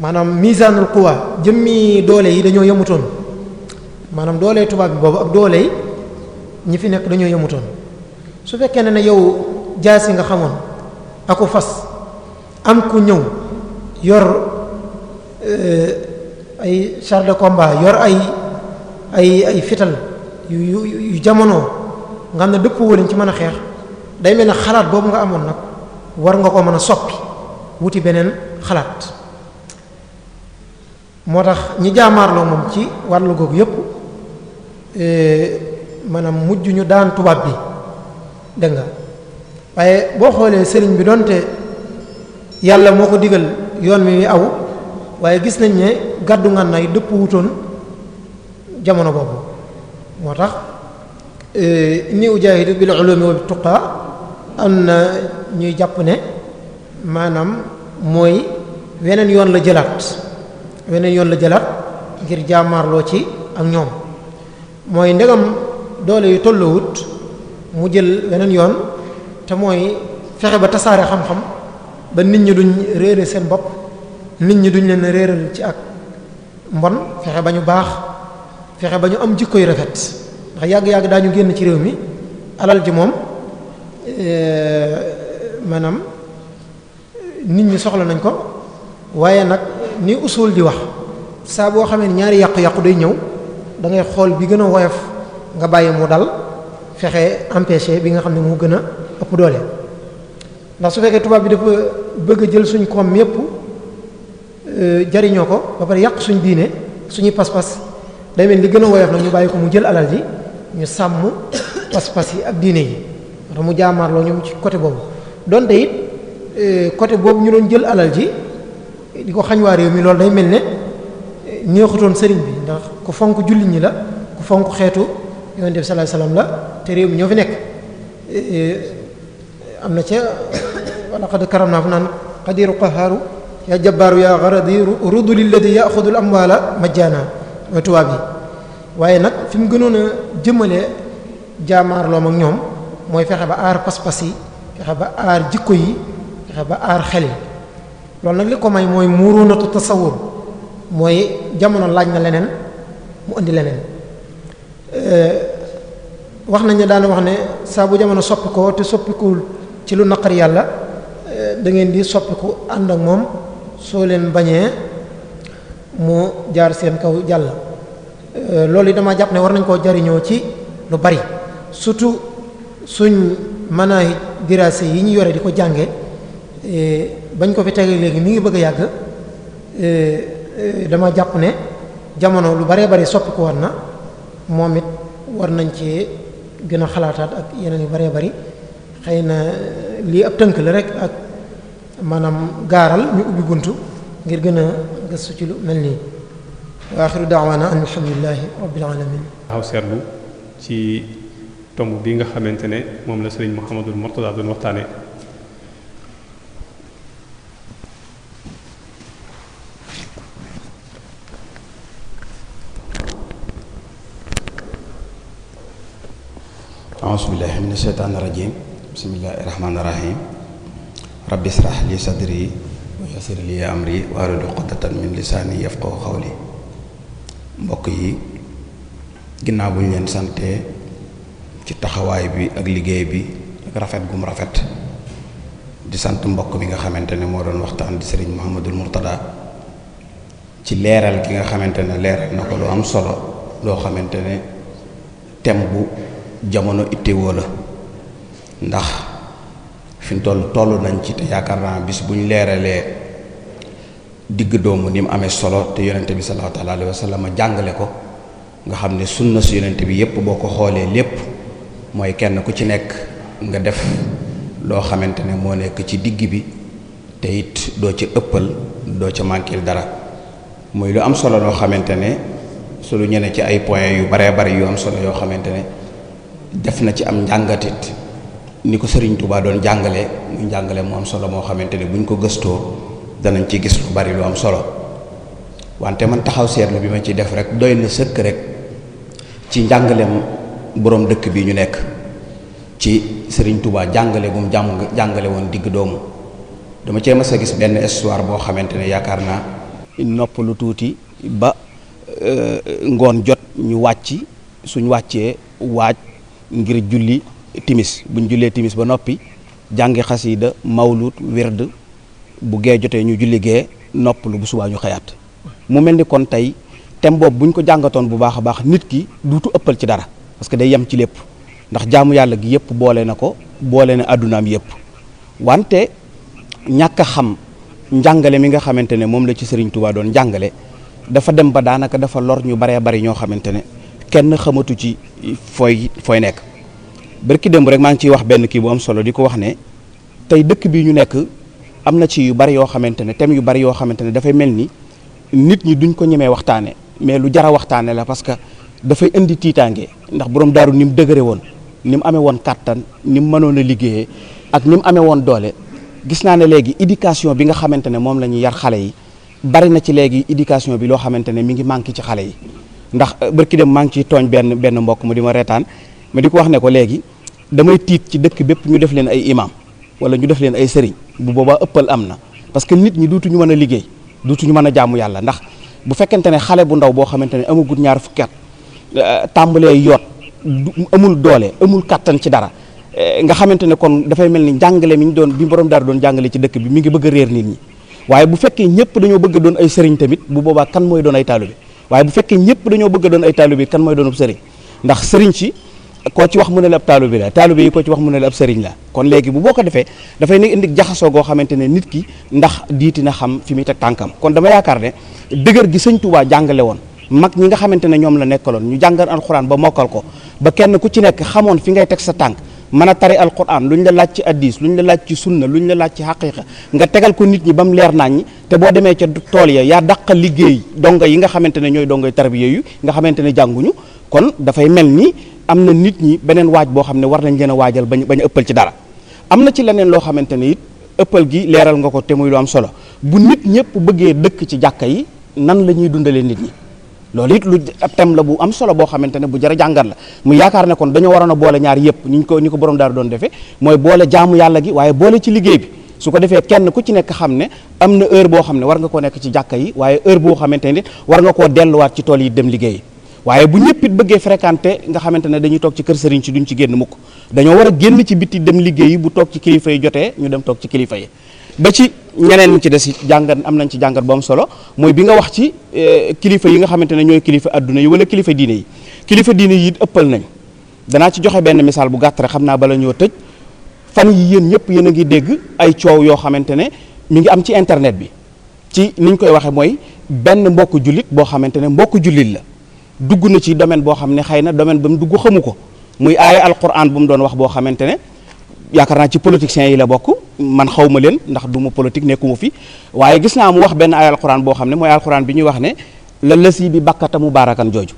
maanaam misaanul quwa jëmmi doole yi dañoo yemutoon maanaam doole tubaab bi boobu ak doole yi ñi fi nekk dañoo yemutoon su fekkee ne ne yow jaasi nga xamoon aku fas am ku ñëw yor eh, ay char de combat yor ay ay ay fital yu yu jamono nga xam ne dëpp wóolañ ci mën a xeex day mel ne xalaat boobu nga amoon nag war nga ko mën a soppi wuti beneen xalaat moo tax ñi jaamaarloo moom ci wàllu googu yépp eh, maanaam mujj ñu daan tubaab bi dégg nga waaye boo xoolee sëriñ bi donte yàlla moo ko digal yoon mi muy aw waaye gis nañ ne gàddu ngànnaay dëpp wutoon jamono boobu moo tax eh, inni ujaahidu bil ulumi wa bit tuqaa am na ñuy jàpp ne maanaam mooy weneen yoon la jëlaat weneen yoon la jëlaat ngir jaamaarloo ci ak ñoom mooy ndegam doole yu tolloowut mu jël weneen yoon te mooy fexe ba tasaare xam-xam ba nit ñi duñ réere seen bopp nit ñi duñ leen réeral ci ak mbon fexe ba ñu baax fexe ba ñu am jikko yu rafet ndax yàgg-yàgg daañu génn ci réew mi alal ji moom eh, maanaam nit ñi soxla nañ ko waaye nag ni usul di wax saa boo xamee ñaari yàqu-yàqu day ñëw da ngay xool bi gën a woyof nga bàyyi mu dal fexe empêcher bi nga xam ne moo gën a ëpp doole ndax su fekkee tubaab bi dafa bëgg a jël suñ koom yépp euh, jariñoo ko ba pare yàq suñu diine suñu pas-pas day mel li gën a woyof nag ñu bàyyi ko mu jël alal ji ñu sàmm pas-pas yi ak diine yi tax mu jaamaarloo ñoom ci côté boobu donte it euh, côté boobu ñu doon jël alal ji di ko xañ waa réew mi loolu day mel ne euh, neexutoon sëriñ bi ndax ku fonk julli ñi la ku fonk xeetu yonent bi sallallahu alayhi wasallam la te réew mi ñoo fi nekk eh, eh, am na ca wala xad karam naa fa naan xadiru qaharu yaa jabaaru yaa garadi rudulilladi yaxudul amwaala majjaana mooy tubaab yi waaye nag fi mu gënoon a jëmale jaamaarloom ak ñoom mooy fexe ba aar pas-pas yi fexe ba aar jikko yi fexe ba aar xel yi loolu nag li ko may mooy muurunatu tasawur mooy jamono laaj na leneen mu indi leneen eh, wax nañ ne daana wax ne saabu jamono jamono soppikoo te soppikuwul ci lu naqari yàlla eh, da ngeen di soppiku ànd ak moom soo leen bañee mu jaar seen kaw jàll eh, loolu yi dama jàpp ne war nañ koo jariñoo ci lu bari surtout suñ manaay diraase yi ñu yore di ko jànge eh, bañ ko fi tegee léegi mi ngi bëgg a yàgg dama jàpp ne jamono lu baree bari soppikuwoon na moom it war nañ ci gën a xalaataat ak yeneen yu baree bari xëy na eh, lii ab tënk la rek ak maanaam gaaral ñu ubbi buntu ngir gën a gëstu ci lu mel nii wa axiru daawaana an alhamdulilahi rabbil alamin waaw seetlu ci tomb bi nga xamante ne moom la sëriñ Mouhamadul Mourtada doon waxtaane aousubillahi min asheytaani irajim bismillahi rahmaani rahim rabbi israh li sadri wa yassir li amri wahlul uqdatan min lisaani yafqahu qawli mbokk yi ginnaaw bu ñu leen sante ci taxawaay bi ak liggéey bi ak rafet gum rafet di sant mbokk mi nga xamante ne moo doon waxtaan di sëriñ Mouhamadul Mourtada ci leeral gi nga xamante ne leeral na ko lu am solo loo xamante ne thème jamono ittewoo la ndax fi ñu toll toll nañ ci te yaakaar naa bis bu ñu leeralee digg doomu ni mu amee solo te yonente bi sallallahu alayhi wa sallam jàngale ko nga xam ne sunna su yonente bi yépp boo ko xoolee lépp mooy kenn ku ci nekk nga def loo xamante ne moo nekk ci digg bi te it doo ci ëppal doo ca manquil dara muy lu am solo loo xamante ne su lu ñene ci ay point yu baree bari yu am solo yoo xamante ne def na ci am njàngatit ni ko sëriñ tubaa doon jàngale muy jàngale mu am solo moo xamante ne buñ ko gëstoo danañ ci gis lu bari lu am solo wante man taxaw seetlu bi ma ci def rek doy na sëkk rek ci njàngaleem boroom dëkk bi ñu nekk ci sëriñ tubaa jàngale gum jàmm jàngale woon digg doomu dama cee mas a gis benn histoire boo xamante ne yaakaar naa nopp lu tuuti ba euh, ngoon jot ñu wàcc suñ wàccee waaj ngir julli timis buñ jullee timis ba noppi jàngi xasiida mawlut wird bu gee jotee ñu julli gee noppalu bu subaa ñu xayaat mu mel ni kon tey thème boobu buñ ko jàngatoon bu baax a baax nit ki duutu ëppal ci dara parce que day yem ci lépp ndax jaamu yàlla gi yëpp boole na ko boole na àddunaam yëpp wante ñàkk xam njàngale mi nga xamante ne moom la ci Serigne Touba doon njàngale dafa dem ba daanaka dafa lor ñu baree bari ñoo xamante ne kenn xamatu ci fooy fooy nekk bërki démb rek maa ngi ciy wax benn kii bu am solo di ko wax ne tey dëkk bii ñu nekk am na ci yu bari yoo xamante ne thème yu bari yoo xamante ne dafay mel ni nit ñi duñ ko ñemee waxtaane mais lu jara waxtaane la parce que dafay indi tiitaange ndax borom daaru ni mu dëgëre woon ni mu amee woon kàttan ni mu mënoon a liggéeye ak ni mu amee woon doole gis naa ne léegi éducation bi nga xamante ne moom la ñuy yar xale yi bari na ci léegi éducation bi loo xamante ne mi ngi manqué ci xale yi ndax euh, bërki dem maa ngi ciy tooñ benn benn mbokk mu di ma reetaan ma di ko wax ne ko léegi damay tiit ci dëkk bépp ñu def leen ay imaam wala ñu def leen ay sëriñ bu boobaa ëppal am na parce que nit ñi duutuñu mën a liggéey duutuñu mën a jaamu yàlla ndax bu fekkente ne xale bu ndaw boo xamante ne amagut ñaar fukki at euh, tàmbalee yoot amul doole amul kàttan ci dara euh, nga xamante ne kon dafay mel ni jàngale mi ñu doon bi borom dara doon jàngale ci dëkk bi mu ngi bëgg a réer nit ñi waaye bu fekkee ñëpp dañoo bëgg doon ay sëriñ tamit bu boobaa kan mooy doon ay taalu waaye bu fekkee ñëpp dañoo bëgg a doon ay taalibe kan mooy doonub sëriñ ndax sëriñ si koo ci wax mu ne la ab taalibe la taalibe yi koo ci wax mu ne la ab sëriñ la kon léegi bu boo ko defee dafay ne indi jaxasoo goo xamante ne nit ki ndax diiti na xam fi muy teg tànkam kon dama yaakaar ne dëgër gi sëñ Tuubaa jàngale woon mag ñi nga xamante ne ñoom la nekkaloon ñu jàngal alxuraan ba mokkal ko ba kenn ku ci nekk xamoon fi ngay teg sa tànk mën a tari al alquran lu ñu la laaj ci addis lu ñu la laaj ci sunna lu ñu la laaj ci xaqiqa nga tegal ko nit ñi ba mu leer nañ te boo demee ca tool ya yaa dàq liggéey donga yi nga xamante ne ñooy dongoy tarbiya yu nga xamante ne jànguñu kon dafay mel ni am na nit ñi beneen waaj boo xam ne war nañ leen a waajal bañ bañ a ëppal ci dara am na ci leneen loo xamante ne it ëppal gi leeral nga ko te muy lu am solo bu nit ñëpp bëggee dëkk ci jàkka yi nan la ñuy dundalee nit ñi loolu it lu ab thème la bu am solo boo xamante ne bu jërë jàngat la mu yaakaar ne kon dañoo waroon a boole ñaar yëpp ñu ko ñu ko borom daaru doon defee mooy boole jaamu yàlla gi waaye boole ci liggéey bi su ko defee kenn ku ci nekk xam ne am na heure boo xam ne war nga koo nekk ci jàkka yi waaye heure boo xamante ne war nga ko delluwaat ci tool yi dem liggéey waaye bu ñëpp it bëggee fréquenté nga xamante ne dañuy toog ci kër sëriñ si duñu ci génn mukk dañoo war a ci biti dem liggéey bu toog ci kilifa yi jotee ñu dem toog ci kilifa yi ba ci ñeneen ñi ci des jàngat am nañ ci jàngat boom solo mooy bi nga wax ci eh, kilifa yi nga xamante ne ñooy kilifa àdduna yi wala kilifa diine yi kilifa diine yi ëppal nañ danaa ci joxe benn misaal bu gàttare xam naa bala ñoo tëj fan yi yéen ñëpp yéen a ngi dégg ay coow yoo xamante ne mi ngi am ci internet bi ci ni ñu koy waxee mooy benn mbokk jullit boo xamante ne mbokk jullit la dugg na ci domaine boo xam ne xëy na domaine ba mu dugg xamu ko muy aaya alquran bu mu doon wax boo xamante ne yaakaar naa ci politiciens yi la bokk man xaw leen ndax du ma politique nekkuma fi waaye gis naa mu wax benn ay alxuraan boo xam ne mooy alxuraan bi ñuy wax ne la lasi bi bàkkata mu baarakan jooju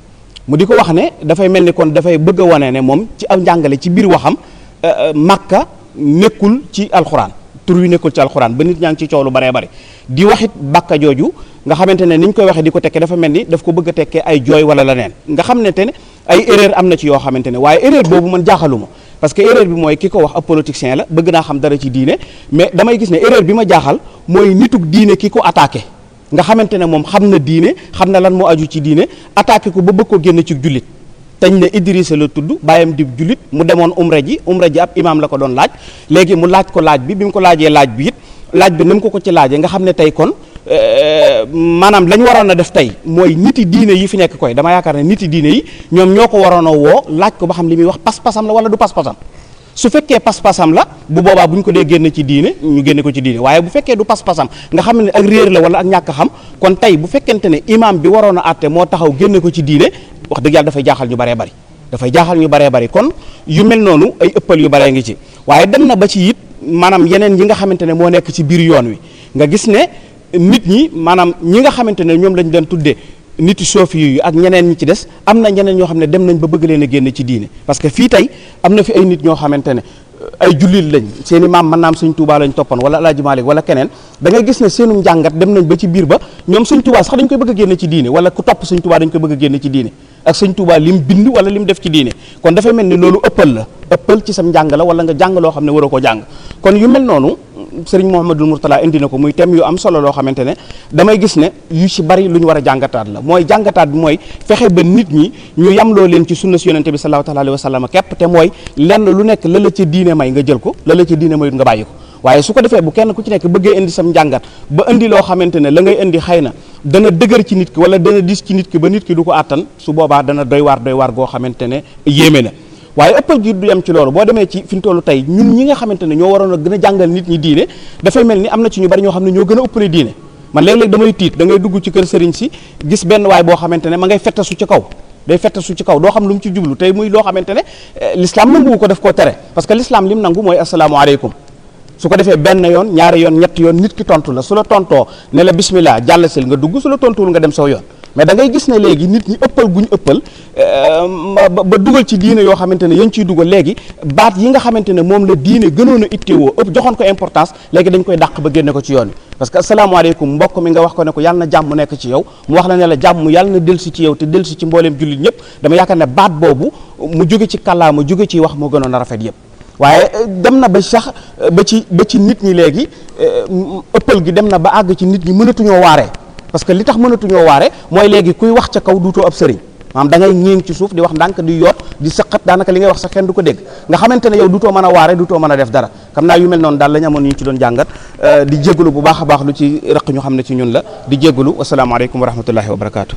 mu di ko wax ne dafay mel ni kon dafay bëgg a wane ne moom ci am njàngale ci biir waxam euh, euh, màkka nekkul ci alxuraan tur wi nekkul ci alxuraan ba nit ñaa ngi ci coow lu baree bari di waxit bàkka jooju nga xamante ne ni koy waxee di ko tekkee dafa mel ni daf ko bëgg tekkee ay jooy wala leneen nga xam ne te ne ay erreur am na ci yoo xamante ne waaye erreur boobu man jaaxaluma parce que erreur bi mooy ki ko wax ab politicien la bëgg naa xam dara ci diine mais damay gis ne erreur bi ma jaaxal mooy nitug diine ki ko attaqué nga xamante ne moom xam na diine xam na lan moo aju ci diine attaqué ko ba bëgg ko génn ci jullit teñ ne Idrissa la tudd baayam di jullit mu demoon umra ji umra ji ab imaam la ko doon laaj léegi mu laaj ko laaj bi bi mu ko laajee laaj bi it laaj bi ni mu ko ko ci laajee nga xam ne tey kon Euh, maanaam lañ waroon a def tey mooy niti diine yi fi nekk koy dama yaakaar ne niti diine yi ñoom ñoo ko waroon a woo laaj ko ba xam li muy wax pas-pasam la bu boobaa bu ñu ko dee génn ci diine ñu génne ko ci diine waaye bu fekkee du pas-pasam nga xam ne ak réer la wala ak ñàkk xam kon tey bu fekkente ne imaam bi waroon a àtte moo taxaw génne ko ci diine wax dëgg yàlla dafay jaaxal ñu baree bari dafay jaaxal ñu baree bari kon yu mel noonu ay ëppal yu baree ngi ci waaye dem na ba ci it maanaam yeneen yi nga xamante ne moo nekk ci biir yoon wi nga gis nit ñi maanaam ñi nga xamante ne ñoom lañ leen tuddee nit soofi yooyu ak ñeneen ñi ci des am na ñeneen ñoo xam ne dem nañ ba bëgg leen a génn ci diine parce que fii tey am na fi ay nit ñoo xamante ne euh, ay jullit lañ seen i maam mën naam sëñ Tuubaa lañ toppoon wala Alaaji Maalik wala keneen dangay gis ne seenu njàngat dem nañ ba ci biir ba ñoom sëñ Tuubaa sax dañ koy bëgg a génn ci diine wala ku topp sëñ Tuubaa dañ koy bëgg a génn ci diine ak sëñ Tuubaa lim bind wala lim def ci diine kon dafay mel ni loolu ëppal la ëppal ci sam njàng wala nga jàng loo xam ne waroo ko jàng kon yu mel noonu Serigne Mouhamadul Mourtala indi na ko muy thème yu am solo loo xamante ne damay gis ne yu ci bari lu ñu war a jàngataat la mooy jàngataat bi mooy fexe ba nit ñi ñu loo leen ci sunna si yonente bi sallallahu taala alayhi wa sallam képp te mooy lenn lu nekk la la ca diine may nga jël ko la la ca diine mayut nga bàyyi ko waaye su ko defee bu kenn ku ci nekk bëggee indi sam njàngat ba indi loo xamante ne la ngay indi xëy na dana dëgër ci nit ki wala dana dis ci nit ki ba nit ki du ko àttan su boobaa dana doy waar doy waar goo xamante ne yéeme na waaye ëppal gi du am ci loolu boo demee ci fi ñu tollu tey ñun ñi nga xamante ne ñoo waroon a gën a jàngal nit ñi diine dafay mel ni am na ci ñu bari ñoo xam ne ñoo gën a ëppale diine man léeg-léeg damay tiit da ngay dugg ci kër sëriñ si gis benn waay boo xamante ne ma ngay fettasu ci kaw day fettasu ci kaw doo xam lu mu ci jublu tey muy loo xamante ne eh, l'islam nanguwu ko def koo tere parce que l'islam lim nangu mooy asalaamaaleykum su ko defee benn yoon ñaari yoon ñetti yoon nit tontu la su la tontoo ne la bismillah jàll nga dugg la tontuwul nga dem saw yoon mais da ngay gis ne léegi nit ñi ëppal gu ñu ëppal euh, ba dugal ci diine yoo xamante ne yañ ciy dugal léegi baat yi nga xamante ne moom la diine gënoon a ittewoo ëpp joxoon ko importance léegi dañ koy dàq ba génne ko ci yoon wi parce que asalaamaaleykum mbokk mi nga wax ko ne ko yàlla na jàmm nekk ci yow mu wax la ne la jàmm yàlla na delsi ci yow te delsi ci mbooleem jullit ñëpp dama yaakaar ne baat boobu mu jóge ci kàllaama jóge ci wax moo gënoon a rafet waaye euh, dem na ba sax ba ci ba ci nit ñi léegi euh, ëppal gi dem na ba àgg ci nit ñi mënatuñoo waaree parce que li tax mënatuñoo waare mooy léegi kuy wax ca kaw duutoo ab sëriñ maanaam da ngay ci suuf di wax ndànk di yoot di sëqat daanaka li ngay wax sa xeen du ko dégg nga xamante ne yow duutoo mën a waare duutoo mën a def dara xam naa yu mel noonu daal lañu amoon ñu ci doon jàngat euh, di jégalu bu baax a baax lu ci raq ñu xam ne ci ñun la di jégalu wasalaamaaleykum wa rahmatullahi wa barakaatu